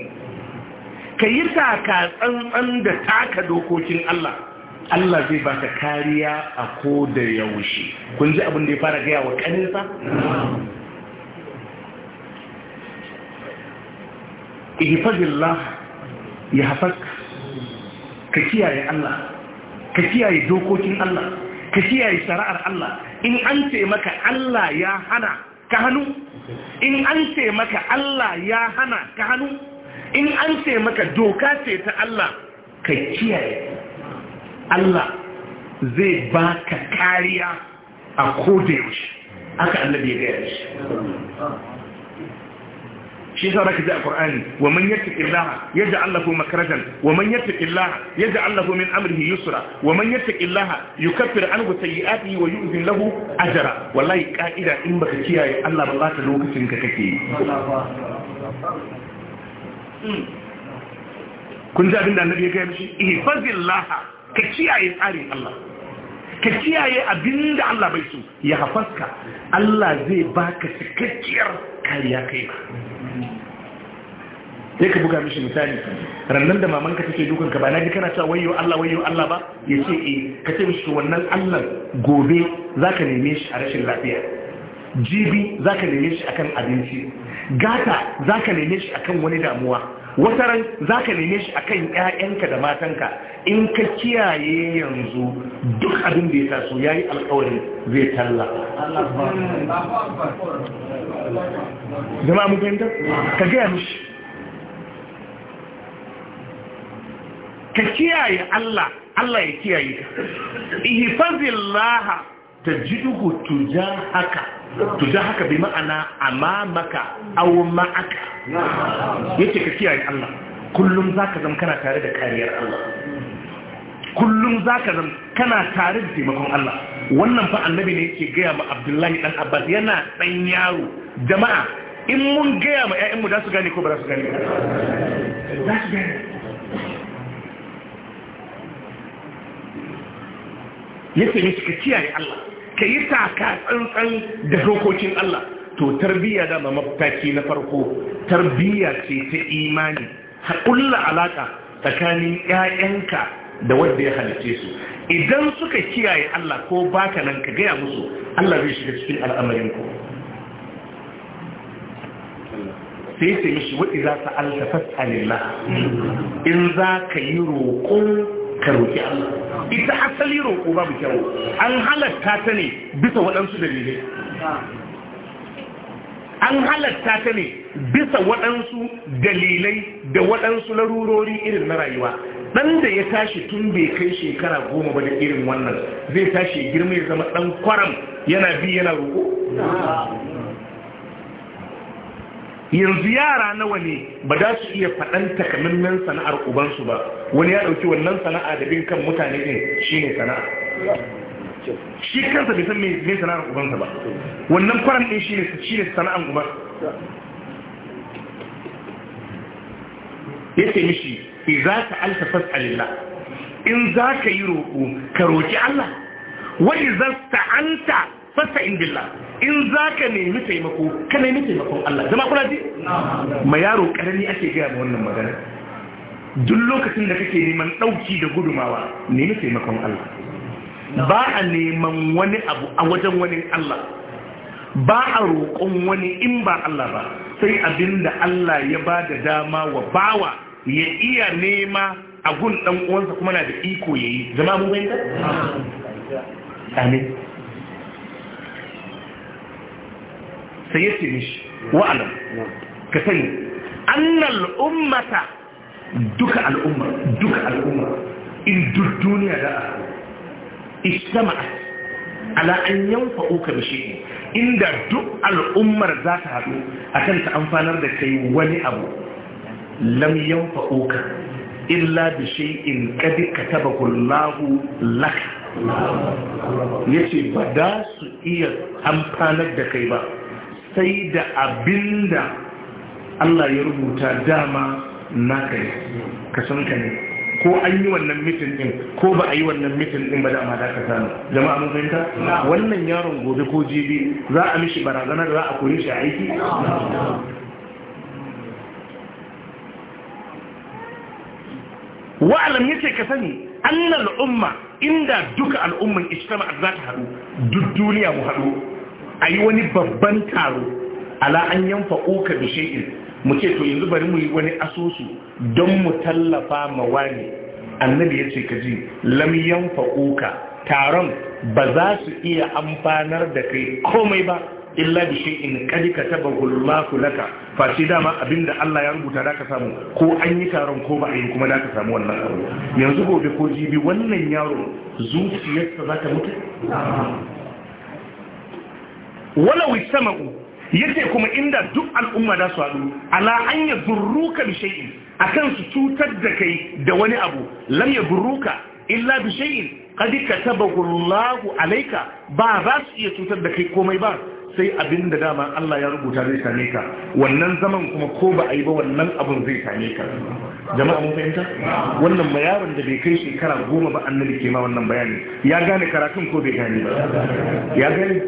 ka yi taka tsantsan da taka dokokin Allah Allah zai ba ka kariya a ko da yaushe kun ji abin da ya fara gaya wa kaninsa la ya hafaska ka kiyaye Allah ka kiyaye dokokin Allah ka kiyaye shari'ar Allah in an ce maka Allah ya hana ka hannu in an ce maka Allah ya hana ka hannu in an ce maka doka ce ta Allah ka kiyaye Allah zai baka kariya a kodayaushe aka annabi ya gaya shi shi yasa ka ji a Qur'ani wa man yattaqillaha yaj'al lahu makrajan wa man yattaqillaha yaj'al lahu min amrihi yusra wa man yattaqillaha yukaffir anhu sayyi'atihi wa yu'zin lahu ajra wallahi ka'ida in baka kiyaye Allah ba za ta lokacin ka kake kun ji abin da annabi ya gaya mishi ihfazillaha ka kiyaye tsarin Allah ka kiyaye abinda Allah bai so ya hafaska Allah zai baka cikakkiyar kariya kai ba sai ka buga mishi misali rannan da mamanka take dukan ka ba na ji kana cewa wayo Allah wayo Allah ba ya ce eh ka ce mishi wannan Allah gobe zaka neme shi a rashin lafiya jibi zaka neme shi akan abinci gata zaka neme shi akan wani damuwa wataran zaka neme shi akan ƴaƴanka da matanka in ka kiyaye yanzu duk abin da ya taso yayi alƙawarin zai talla Allah ba jama'a mun fahimta ka ga mishi ka kiyaye Allah Allah ya kiyaye ka ihfazillaha tajiduhu tujahaka tujahaka bi ma'ana amamaka aw ma'aka yace ka kiyaye Allah kullum zaka zama kana tare da kariyar Allah kullum zaka zama kana tare da taimakon Allah wannan fa annabi ne yake gaya ma Abdullahi dan Abbas yana dan yaro jama'a in mun gaya ma ƴaƴanmu da su gane ko ba za su gane ba za su gane Ya ne suka kiyaye Allah ka yi taka tsantsan da dokokin Allah to tarbiyya da mataki na farko tarbiyya ce ta imani haƙulla alaƙa tsakanin ƴaƴanka da wanda ya halice su idan suka kiyaye Allah ko baka nan ka gaya musu Allah zai shiga cikin al'amarin ku sai sai mishi wa'iza ta alta fasalillah in za ka yi roƙon ka Allah ita asali roƙo babu kyau an halatta ta ne bisa waɗansu dalilai an halatta ta ne bisa waɗansu dalilai da waɗansu larurori irin na rayuwa ɗan da ya tashi tun bai kai shekara goma ba da irin wannan zai tashi girma ya zama ɗan kwaram yana bi yana roƙo yanzu yara nawa ne ba za su iya faɗan takamaiman sana'ar ubansu ba wani ya ɗauki wannan sana'a da bin kan mutane ne shi ne sana'a shi kansa bai san mai sana'ar ubansa ba wannan kwaran ɗin shi ne sana'ar uban ya ce mishi za ka alta fas'alillah in za ka yi roƙo ka roƙi Allah wani za ta alta fasa'in billah in za ka nemi taimako ka nemi taimakon Allah zama kuna ji? ma yaro karami ake gaya ma wannan magana duk lokacin da kake neman ɗauki da gudumawa nemi taimakon Allah ba a neman wani abu a wajen wani Allah ba a roƙon wani in ba Allah ba sai abin da Allah ya ba da dama wa bawa ya iya nema a gun ɗan uwansa kuma na da iko ya yi zama mun amin sai ya ce ka sani annal ummata duka al'umma duka al'umma in duk duniya da ishtama'a ala an yanfa'uka bi shay'in inda duk al'ummar za ta haɗu akan ta amfanar da kai wani abu lam yanfa'uka illa bi shay'in kad katabahu Allah lak yace ba da su iya amfanar da kai ba sai da abinda Allah ya rubuta dama na kai, ka san ka ne ko an yi wannan mitin din ko ba a yi wannan mitin din ba dama da ka samu jama'a mun fahimta wannan yaron gobe ko jibi za a mishi barazana da za a koyi shi aiki alam yace ka sani annal umma inda duka al'umman ijtama'at za ta haɗu duk duniya mu haɗu a yi wani babban taro ala an yanfa oka da shi'in mu ce to yanzu bari mu yi wani asusu don mu tallafa ma annabi ya ce ka ji lam yanfa oka taron ba za su iya amfanar da kai komai ba illa bi kadi taba katabahu Allah laka fa shi dama abinda Allah ya rubuta da ka samu ko an yi taron ko ba a yi kuma da ka samu wannan abu yanzu gobe ko jibi wannan yaro zuciyarsa za ta mutu wala wisama'u yace kuma inda duk al'umma da su haɗu ala an ya zurruka bi shay'in akan su cutar da kai da wani abu lam ya zurruka illa bi shay'in qad katabahu Allah alayka ba za su iya cutar da kai komai ba sai abin da dama Allah ya rubuta zai same ka wannan zaman kuma ko ba a yi ba wannan abun zai same ka jama'a mun fahimta wannan ma da bai kai shekara goma ba annabi ke ma wannan bayani ya gane karatun ko bai gane ba ya gane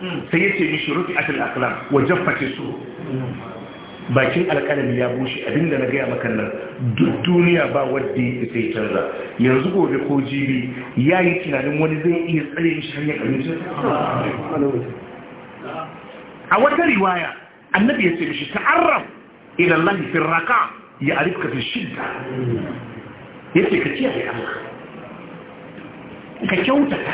sai ya ce yace mishi rufi atil aqlam wajen jaffati su bakin alƙalami ya bushe abinda na gaya maka nan duk duniya ba wadda ya sai canza yanzu gobe ko jibi ya yi tunanin wani zai iya tsare mishi hanyar abincin a wata riwaya annabi ya ce mishi ta'arraf ila idan fi raka ya arifka fi shidda yace ka ciyaye Allah ka kyautata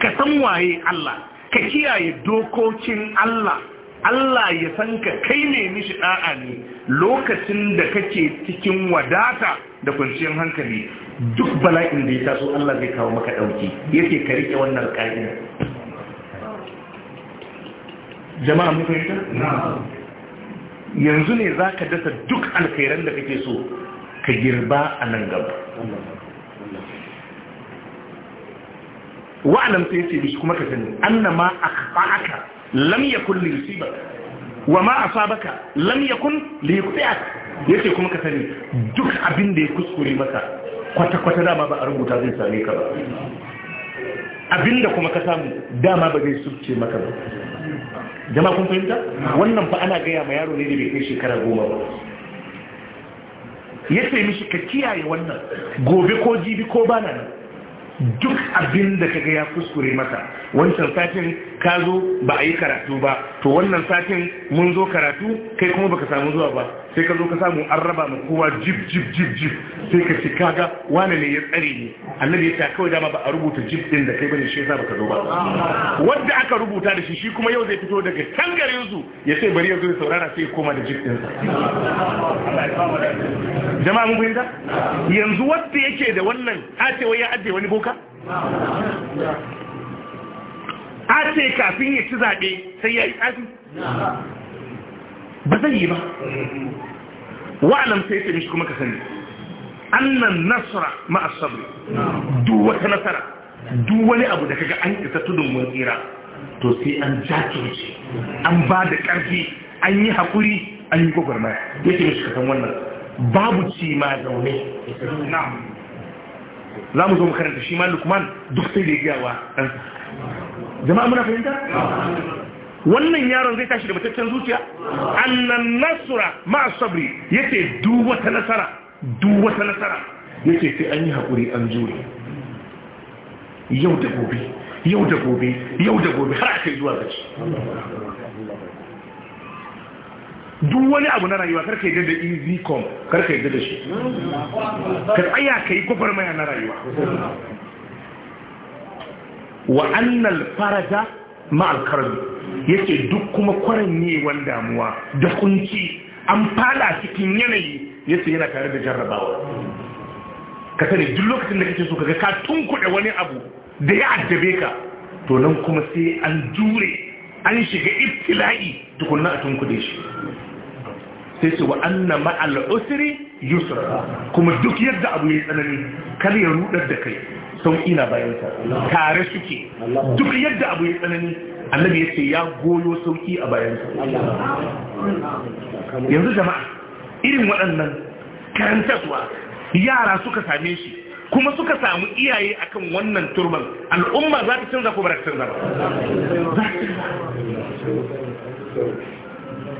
ka san waye Allah ka kiyaye dokokin Allah Allah ya san ka kai ne mishi da'a ne lokacin da kake cikin wadata da kwanciyar hankali duk bala'in da ya taso Allah zai kawo maka dauki yake ka rike wannan ka'ida jama'a mun fahimta yanzu ne zaka dasa duk alkhairan da kake so ka girba a nan gaba wa'alam sai ce bishi kuma ka sani annama akhfa'aka lam yakun li yusiba wa ma asabaka lam yakun li yuqti'ak yace kuma ka sani duk abin da ya kuskure maka kwata kwata dama ba a rubuta zai same ka ba abinda kuma ka samu dama ba zai subce maka ba jama'a kun fahimta wannan fa ana gaya ma yaro ne da bai kai shekara goma ba ya ce mishi ka kiyaye wannan gobe ko jibi ko bana nan duk abin da kaga ya kuskure masa wancan satin ka zo ba a yi karatu ba to wannan satin mun zo karatu kai kuma baka samu zuwa ba sai ka zo ka samu an raba ma kowa jib jib jib jib sai ka ci kaga wane ne ya tsare ne annabi ya ta kawai dama ba a rubuta jib din da kai bane shi yasa baka zo ba wanda aka rubuta da shi shi kuma yau zai fito daga can ya ce bari yanzu ya saurara sai ya koma da jib din sa jama'a mun fahimta yanzu wanda yake da wannan wai ya ajiye wani boka ace kafin ya ci zaɓe sai ya yi tsafi ba zai yi ba wa'alam sai sai kuma ka sani annan nasara ma'as sabri duk nasara duk wani abu da kaga an isa tudun mun tsira to sai an jajirce an ba da ƙarfi an yi haƙuri an yi gwagwarmaya yake mishi ka wannan babu ci ma zaune za mu zo mu karanta shi ma lukman duk sai da ya gawa jama'a muna fahimta wannan yaron zai tashi da mataccen zuciya annan nasura ma sabri yace duk ta nasara duk ta nasara yace sai an yi hakuri an jure yau da gobe yau da gobe yau da gobe har aka yi zuwa gaci duk wani abu na rayuwa karka yi da easy com karka yi da shi ka tsaya ka yi kofar maya na rayuwa wa annal faraja ma'alkarbi yake duk kuma kwaranyewan damuwa da kunci an fada cikin yanayi yace yana tare da jarrabawa ka sani duk lokacin da kake so kaga ka tunkuɗe wani abu da ya addabe ka to nan kuma sai an jure an shiga ibtila'i tukunna a tunkuɗe shi sai ce wa anna ma'al usri yusra kuma duk yadda abu ya tsanani kar ya rudar da kai sauki na bayan sa tare suke duk yadda abu ya tsanani annabi ya ce ya goyo sauki a bayan sa yanzu jama'a irin waɗannan karantarwa yara suka same shi kuma suka samu iyaye akan wannan turban al'umma za ta canza ko ba ta canza ba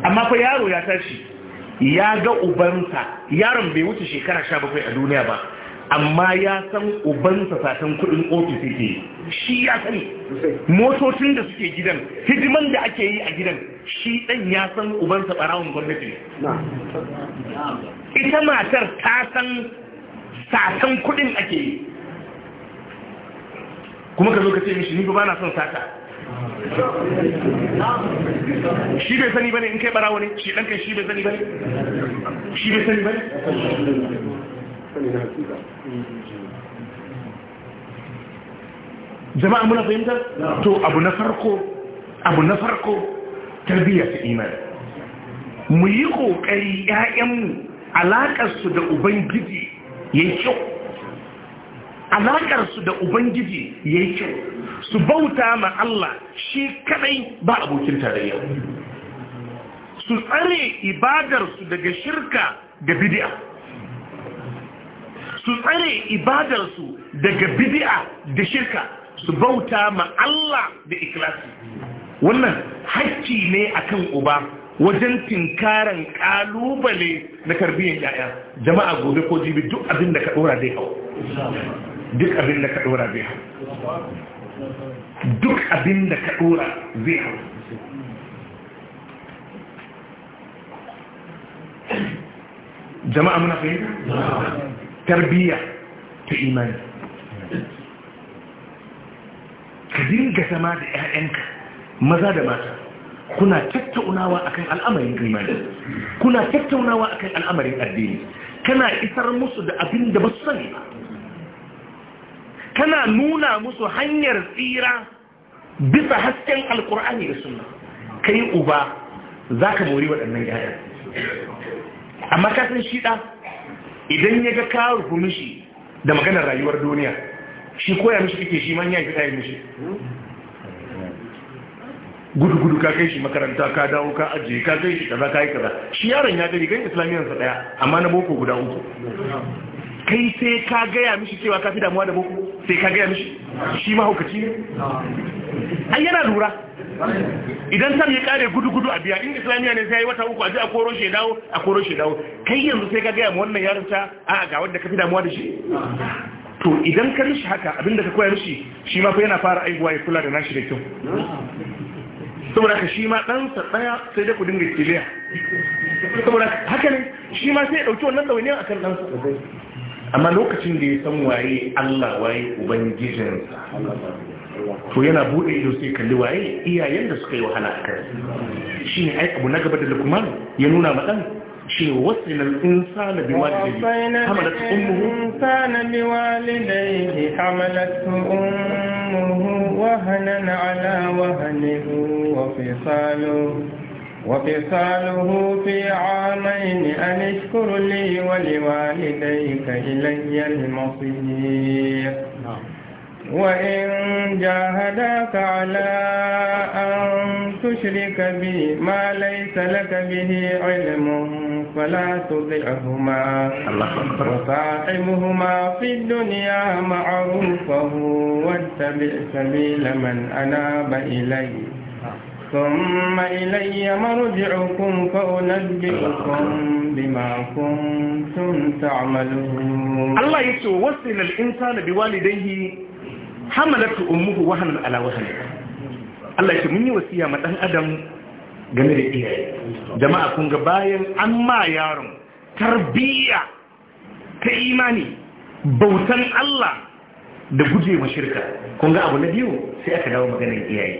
amma fa yaro ya tashi ya ga ubansa yaron bai wuce shekara sha bakwai a duniya ba amma ya san ubansa satan kudin ofis yake shi ya sani motocin da suke gidan hidiman da ake yi a gidan shi dan ya san ubansa barawon gwamnati ita matar ta san satan kudin ake yi kuma ka zo ka ce mishi ni ba na son sata shi bai sani bane in kai barawo ne shi dan kai shi bai sani bane shi bai sani bane jama'a muna fahimta to abu na farko abu na farko tarbiyya ta imani mu yi kokari ƴaƴanmu alakar su da ubangiji yayin kyau alakar su da ubangiji yayin kyau su bauta ma Allah shi kadai ba abokin tarayya su tsare ibadarsu daga shirka da bid'a su tsare ibadarsu daga bid'a da shirka su bauta ma Allah da ikhlasi wannan hakki ne akan uba wajen tinkaran kalubale na karbiyan yaya jama'a gobe ko jibi duk abin da ka dora zai hau duk abin da ka dora zai hau duk abin da ka dora zai hau jama'a muna fahimta tarbiyya ta imani ka dinga zama da 'ya'yanka maza da mata kuna tattaunawa akan al'amarin imani kuna tattaunawa akan al'amarin addini kana isar musu da abin da ba su sani ba kana nuna musu hanyar tsira bisa hasken alkur'ani da suna kai uba za ka mori waɗannan yayan amma kasan shi ɗa idan ya ga kawo mishi da maganar rayuwar duniya shi koya mishi kake shi manya ya fi mishi gudu-gudu ka kai shi makaranta ka dawo ka ajiye ka kai shi kaza ka yi kaza shi yaron ya gari gan islamiyyarsa ɗaya amma na boko guda uku kai sai ka gaya mishi cewa ka fi damuwa da boko sai ka gaya mishi shi mahaukaci ne ai yana lura idan sam ya kare gudu-gudu a biya in islamiyya ne sai wata uku a ji a koro shi dawo a koro shi dawo kai yanzu sai ka gaya ma wannan yaron ta a ga wanda ka fi damuwa da shi to idan ka mishi haka abinda ka koya mishi shi ma fa yana fara aibuwa ya kula da nashi da kyau saboda ka shi ma ɗansa ɗaya sai dai ku dinga kiliya saboda haka ne shi ma sai ya ɗauki wannan ɗawainiyar akan ɗansa amma lokacin da ya san waye Allah waye ubangijinsa to yana bude ido sai kalli waye iyayen da suka yi wahala a kai shine ai abu na gaba da Luqman ya nuna ma dan شيء وصل الإنسان بوالديه حملته أمه الإنسان بوالديه حملته أمه وهنا على وهنه وفصاله وفصاله في عامين أن اشكر لي ولوالديك إلي المصير نعم. وإن جاهداك على أن تشرك بي ما ليس لك به علم فلا تطعهما وصاحبهما في الدنيا معروفه واتبع سبيل من أناب إليه نعم. ثم إلي مرجعكم فأنبئكم بما كنتم تعملون الله يسوع وصل الإنسان بوالديه حملته أمه وهنا على وهن Allah ya mun yi wasiya ma dan adam game da iyaye jama'a kun ga bayan an ma yaron tarbiyya ta imani bautan Allah da gujewa shirka kun ga abu na biyu sai aka dawo maganar iyaye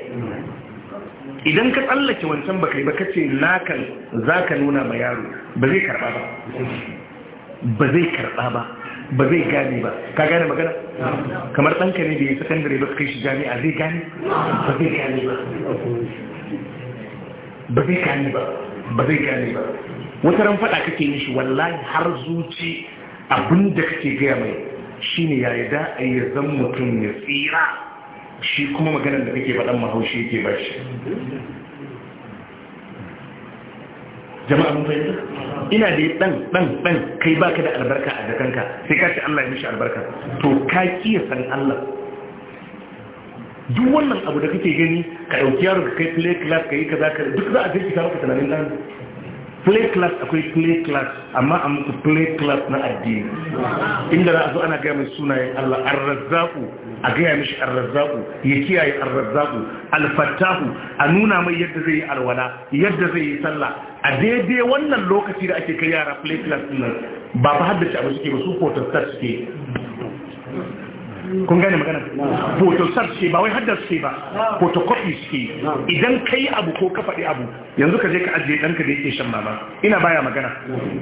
idan ka tsallake wancan baka yi ba kace nakan za ka nuna ma yaro ba zai karba ba ba zai karba ba ba zai gane ba ka gane magana kamar ɗanka ne da ya sakandare ba kai shi jami'a zai gane ba zai gane ba ba zai gane ba ba zai gane ba wata ran faɗa kake yin shi wallahi har zuci abin da kake gaya mai shine ya yi da a yi zan mutum ya tsira shi kuma maganar da kake faɗan mahaushi yake ba shi jama'a mun fahimta ina da ɗan ɗan ɗan kai baka da albarka a jakanka sai ka ce Allah ya mishi albarka to ka kiya san Allah duk wannan abu da kake gani ka ɗauki yaro ka kai play class ka yi ka duk za a je ki ka tunanin dan play class akwai play class amma a muku play class na addini inda za a zo ana gaya mai sunayen Allah ar-razzaqu a gaya mishi arrazzaku ya kiyaye arrazzaku alfattahu a nuna mai yadda zai yi alwala yadda zai yi sallah a daidai wannan lokaci da ake kai yara platelet ba fa haddace abu suke ba su protestant suke kun gane magana foto ce ba wai haddar ce ba Foto kopi ce idan kai abu ko ka faɗi abu yanzu ka je ka ajiye dan ka da yake shan mama ina baya magana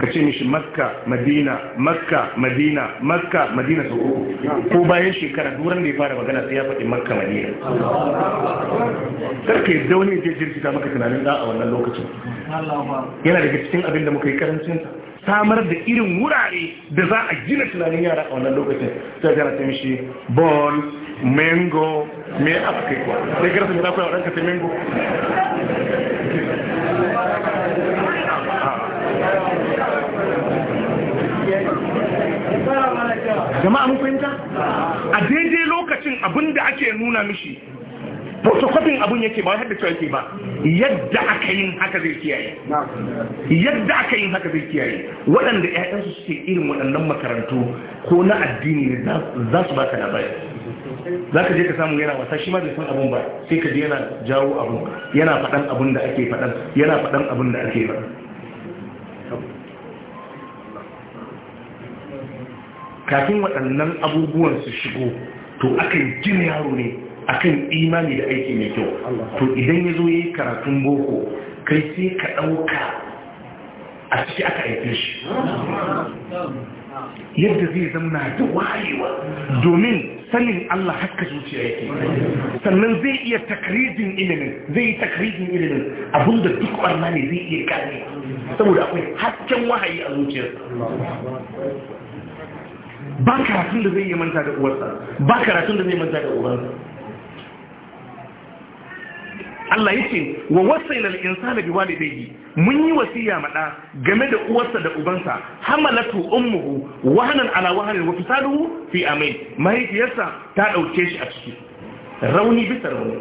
ka ce mishi makka madina makka madina makka madina sau ko bayan shekara duran da ya fara magana sai ya faɗi makka madina karka yadda wani ya je jirgita maka tunanin da a wannan lokacin yana daga cikin abin da muka yi karancinsa samar da irin wurare da za a gina tunanin yara a wannan lokacin ta gara ta mishi ball mango me aka kai kuwa sai gara ta mai dakwai wadanka ta mango jama'a mun fahimta a daidai lokacin abinda ake nuna mishi fotokofin abun yake ba yadda cewa yake ba yadda aka yin haka zai kiyaye yadda aka yin haka zai kiyaye waɗanda 'ya'yansu suke irin waɗannan makarantu ko na addini ne za su baka labari za ka je ka samu yana wasa shi ma bai san abun ba sai ka je yana jawo abu, yana faɗan abun da ake faɗan yana faɗan abun da ake faɗan kafin waɗannan abubuwan su shigo to akan jin yaro ne akan imani da aiki mai kyau to idan ya zo ya yi karatun boko kai sai ka ɗauka a ciki aka aiki shi yadda zai zama da wayewa domin sanin Allah haka zuciya yake sannan zai iya takrijin ilimin zai yi takrijin ilimin abinda duk barna ne zai iya gane saboda akwai hasken wahayi a zuciyarsa ba karatun da zai yi manta da uwarsa ba karatun da zai manta da uwarsa Allah yake wa wasailal insana biwalidayhi mun yi wasiya mada game da uwarsa da ubansa hamalatu ummuhu wahanan ala wahanin wa fisaluhu fi amain mahaifiyarsa ta dauke shi a ciki rauni bisa rauni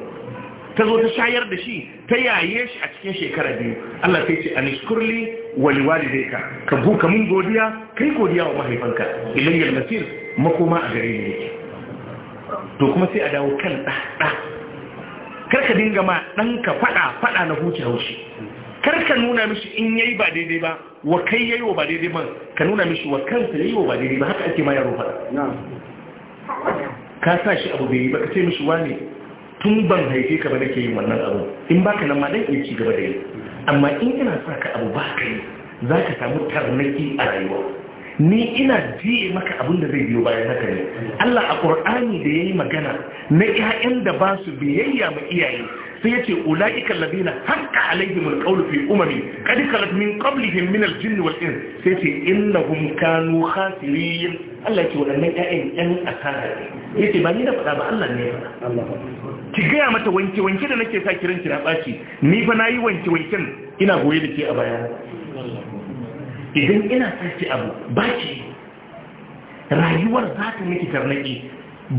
ta zo ta shayar da shi ta yaye shi a cikin shekara biyu Allah sai ce anishkurli wa liwalidayka ka buka mun godiya kai godiya wa mahaifanka ilayyal masir makoma a gare ni to kuma sai a dawo kan da karka dinga ma ɗanka faɗa faɗa na huce haushi karka nuna mishi in yayi ba daidai ba wa kai yayi ba daidai ba ka nuna mishi wa kansa yayi ba daidai ba haka ake ma yaro faɗa ka sa shi abu bai yi ba ka ce mishi wane tun ban haife ka ba nake yin wannan abu in baka nan ma dan iya ci gaba da yi amma in ina sa ka abu ba ka yi za ka samu tarnaki a rayuwa ni ina jiye maka abin da zai biyo bayan haka ne Allah a Qur'ani da yayi magana na ƴaƴan da ba su biyayya ma iyaye sai yace ulaika alladhina haqqa alaihim alqawlu fi umami qad khalat min qablihim min al wal ins sai yace innahum kanu khasirin Allah ya ce waɗannan ƴaƴan ƴan asara yace ba ni da faɗa ba Allah ne ya faɗa ki gaya mata wanke wanke da nake sa kiran kira na ni fa nayi wanke wanken ina goye da ke a bayana idan ina sarki abu ba ce rayuwar za ta miki tarnaki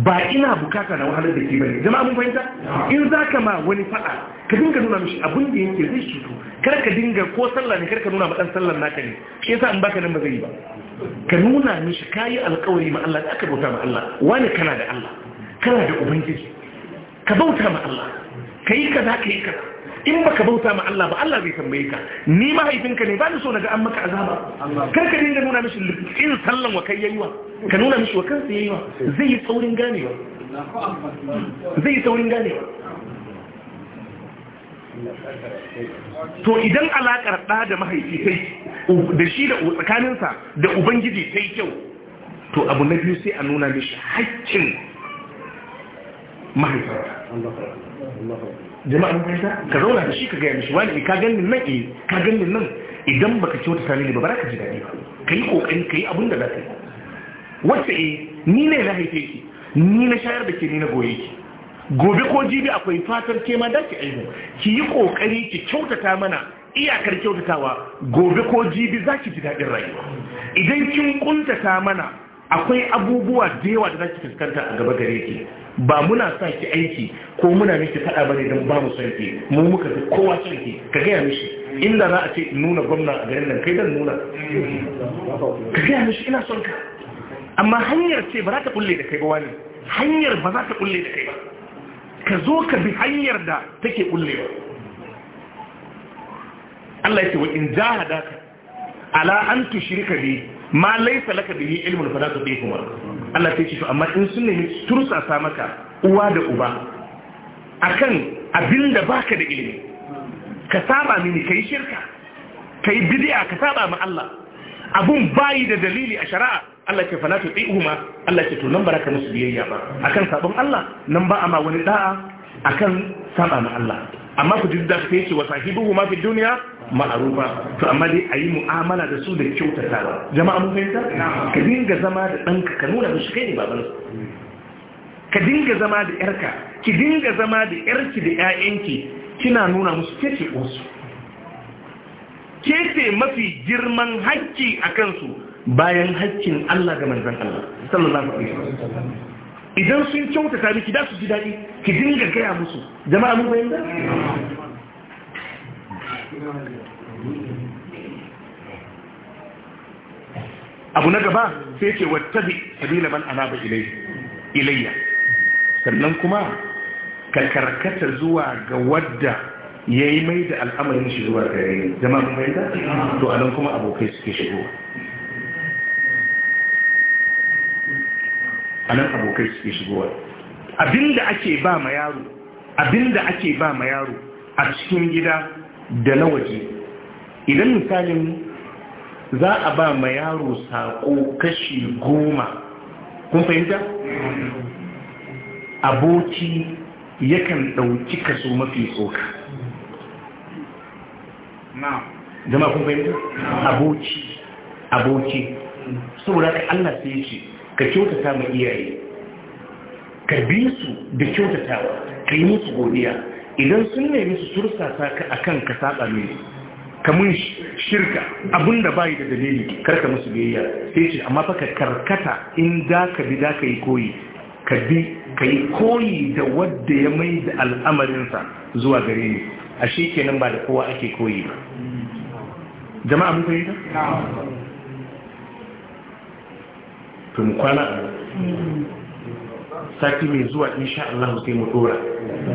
ba ina bukata na wahalar da ke bane zama mun fahimta in za ka ma wani fada ka dinga nuna mishi abin da yake zai cutu kar ka dinga ko sallah ne kar ka nuna ma dan sallar naka ne shi yasa in baka nan ba zai yi ba ka nuna mishi kayi alkawari ma Allah da aka bauta ma Allah wani kana da Allah kana da ubangiji ka bauta ma Allah kai kaza kai kaza in baka bauta ma Allah ba Allah zai tambaye ka ni mahaifinka ne ba ni so naga an maka azaba kar ka dinga nuna mishi in sallan wa kai yayiwa ka nuna mishi wa kansa yayiwa zai yi saurin ganewa zai yi saurin ganewa to idan alakar da da mahaifi sai da shi da tsakaninsa da ubangiji sai kyau to abu na biyu sai a nuna mishi haƙƙin mahaifarsa jama'a mun fahimta ka zauna da shi ka gaya mishi wani ka ganin nan eh ka ganin nan idan baka ci wata sani ba ba ka ji daɗi ba ka yi kokari ka yi abin da za ka yi wacce eh ni ne na haife ki ni na shayar da ke ni na goye ki gobe ko jibi akwai fatar ke ma da ki aihu ki yi kokari ki kyautata mana iyakar kyautatawa gobe ko jibi za ki ji daɗin rayuwa idan kin kuntata mana akwai abubuwa da yawa da zaki fuskanta a gaba gare ki ba muna sa ki aiki ko muna miki fada bane don ba mu son mu muka fi kowa son ki ka gaya mishi inda za a ce nuna gwamna a garin nan kai dan nuna ka gaya mishi ina son ka amma hanyar ce ba za ta kulle da kai ba wani hanyar ba za ta kulle da kai ba ka zo ka bi hanyar da take kullewa Allah ya ce wa in jahadaka ala an tushrika bi ma laisa laka bihi ilmin fa la kuma. Allah sai ce amma in sun nemi tursasa maka uwa da uba akan abinda baka da ilimi ka saba mini yi shirka kai bid'a ka saba ma Allah abun bayi da dalili a shari'a Allah ce fala kuma. Allah ce to nan baraka musu biyayya ba akan sabon Allah nan ba ma wani A akan saba ma Allah amma ku jidda sai ce wa ma fi duniya. ma'arufa to amma dai a yi mu'amala da su da kyautatawa jama'a mun fahimta ka dinga zama da ɗanka ka nuna mishi kai ne baban ka dinga zama da yarka ki dinga zama da yarki da ƴaƴanki kina nuna musu ke ce wasu ke ce mafi girman hakki a kansu bayan hakkin Allah ga Manzan Allah sallallahu alaihi wasallam idan sun kyautata miki da su ji daɗi ki dinga gaya musu jama'a mun fahimta abu na gaba sai ce bi sabila man anaba ilayya sannan kuma ka karkata zuwa ga wadda ya yi mai da al'amarin shi zuwa ga yayi zama kuma da? to a nan kuma abokai suke shigo a nan abokai suke shigo abinda ake ba ma yaro abinda ake ba ma yaro a cikin gida da na waje idan misalin za a ba ma yaro saƙo kashi goma kun fahimta aboki yakan ɗauki kaso mafi tsoka zama kun fahimta aboki aboki saboda ka Allah sai ce ka kyautata ma iyaye ka bi su da kyautatawa ka yi musu godiya idan sun nemi su ta ka kan ka saba mini kamun shirka abinda bayi da dalili karka musu biyayya sai ce amma fa ka karkata in da ka bi da ka yi koyi ka bi ka yi koyi da wadda ya mai da al'amarinsa zuwa gare ni a shi kenan ba da kowa ake koyi ba jama'a mun fahimta? to mu kwana sati mai zuwa insha Allah sai mu dora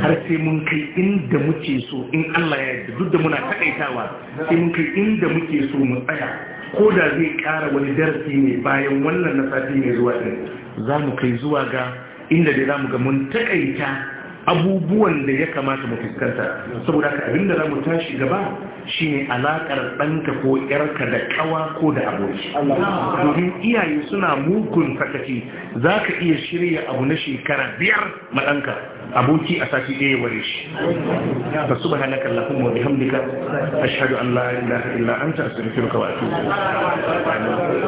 har sai mun kai inda muke so in Allah ya yarda duk da muna taƙaitawa sai mun kai inda muke so mu tsaya ko da zai ƙara wani darasi ne bayan wannan na sati mai zuwa din za mu kai zuwa ga inda dai za mu ga mun takaita abubuwan da ya kamata mu fuskanta saboda haka abinda za mu tashi gaba shi ne alaƙar ɗanka ko ƴarka da ƙawa ko da aboki domin iyaye suna mugun sakaci za ka iya shirya abu na shekara biyar maɗanka aboki a sati ɗaya ware shi ba su bahana kallafin wa bihamdika ashhadu an la ilaha illa anta astaghfiruka wa atubu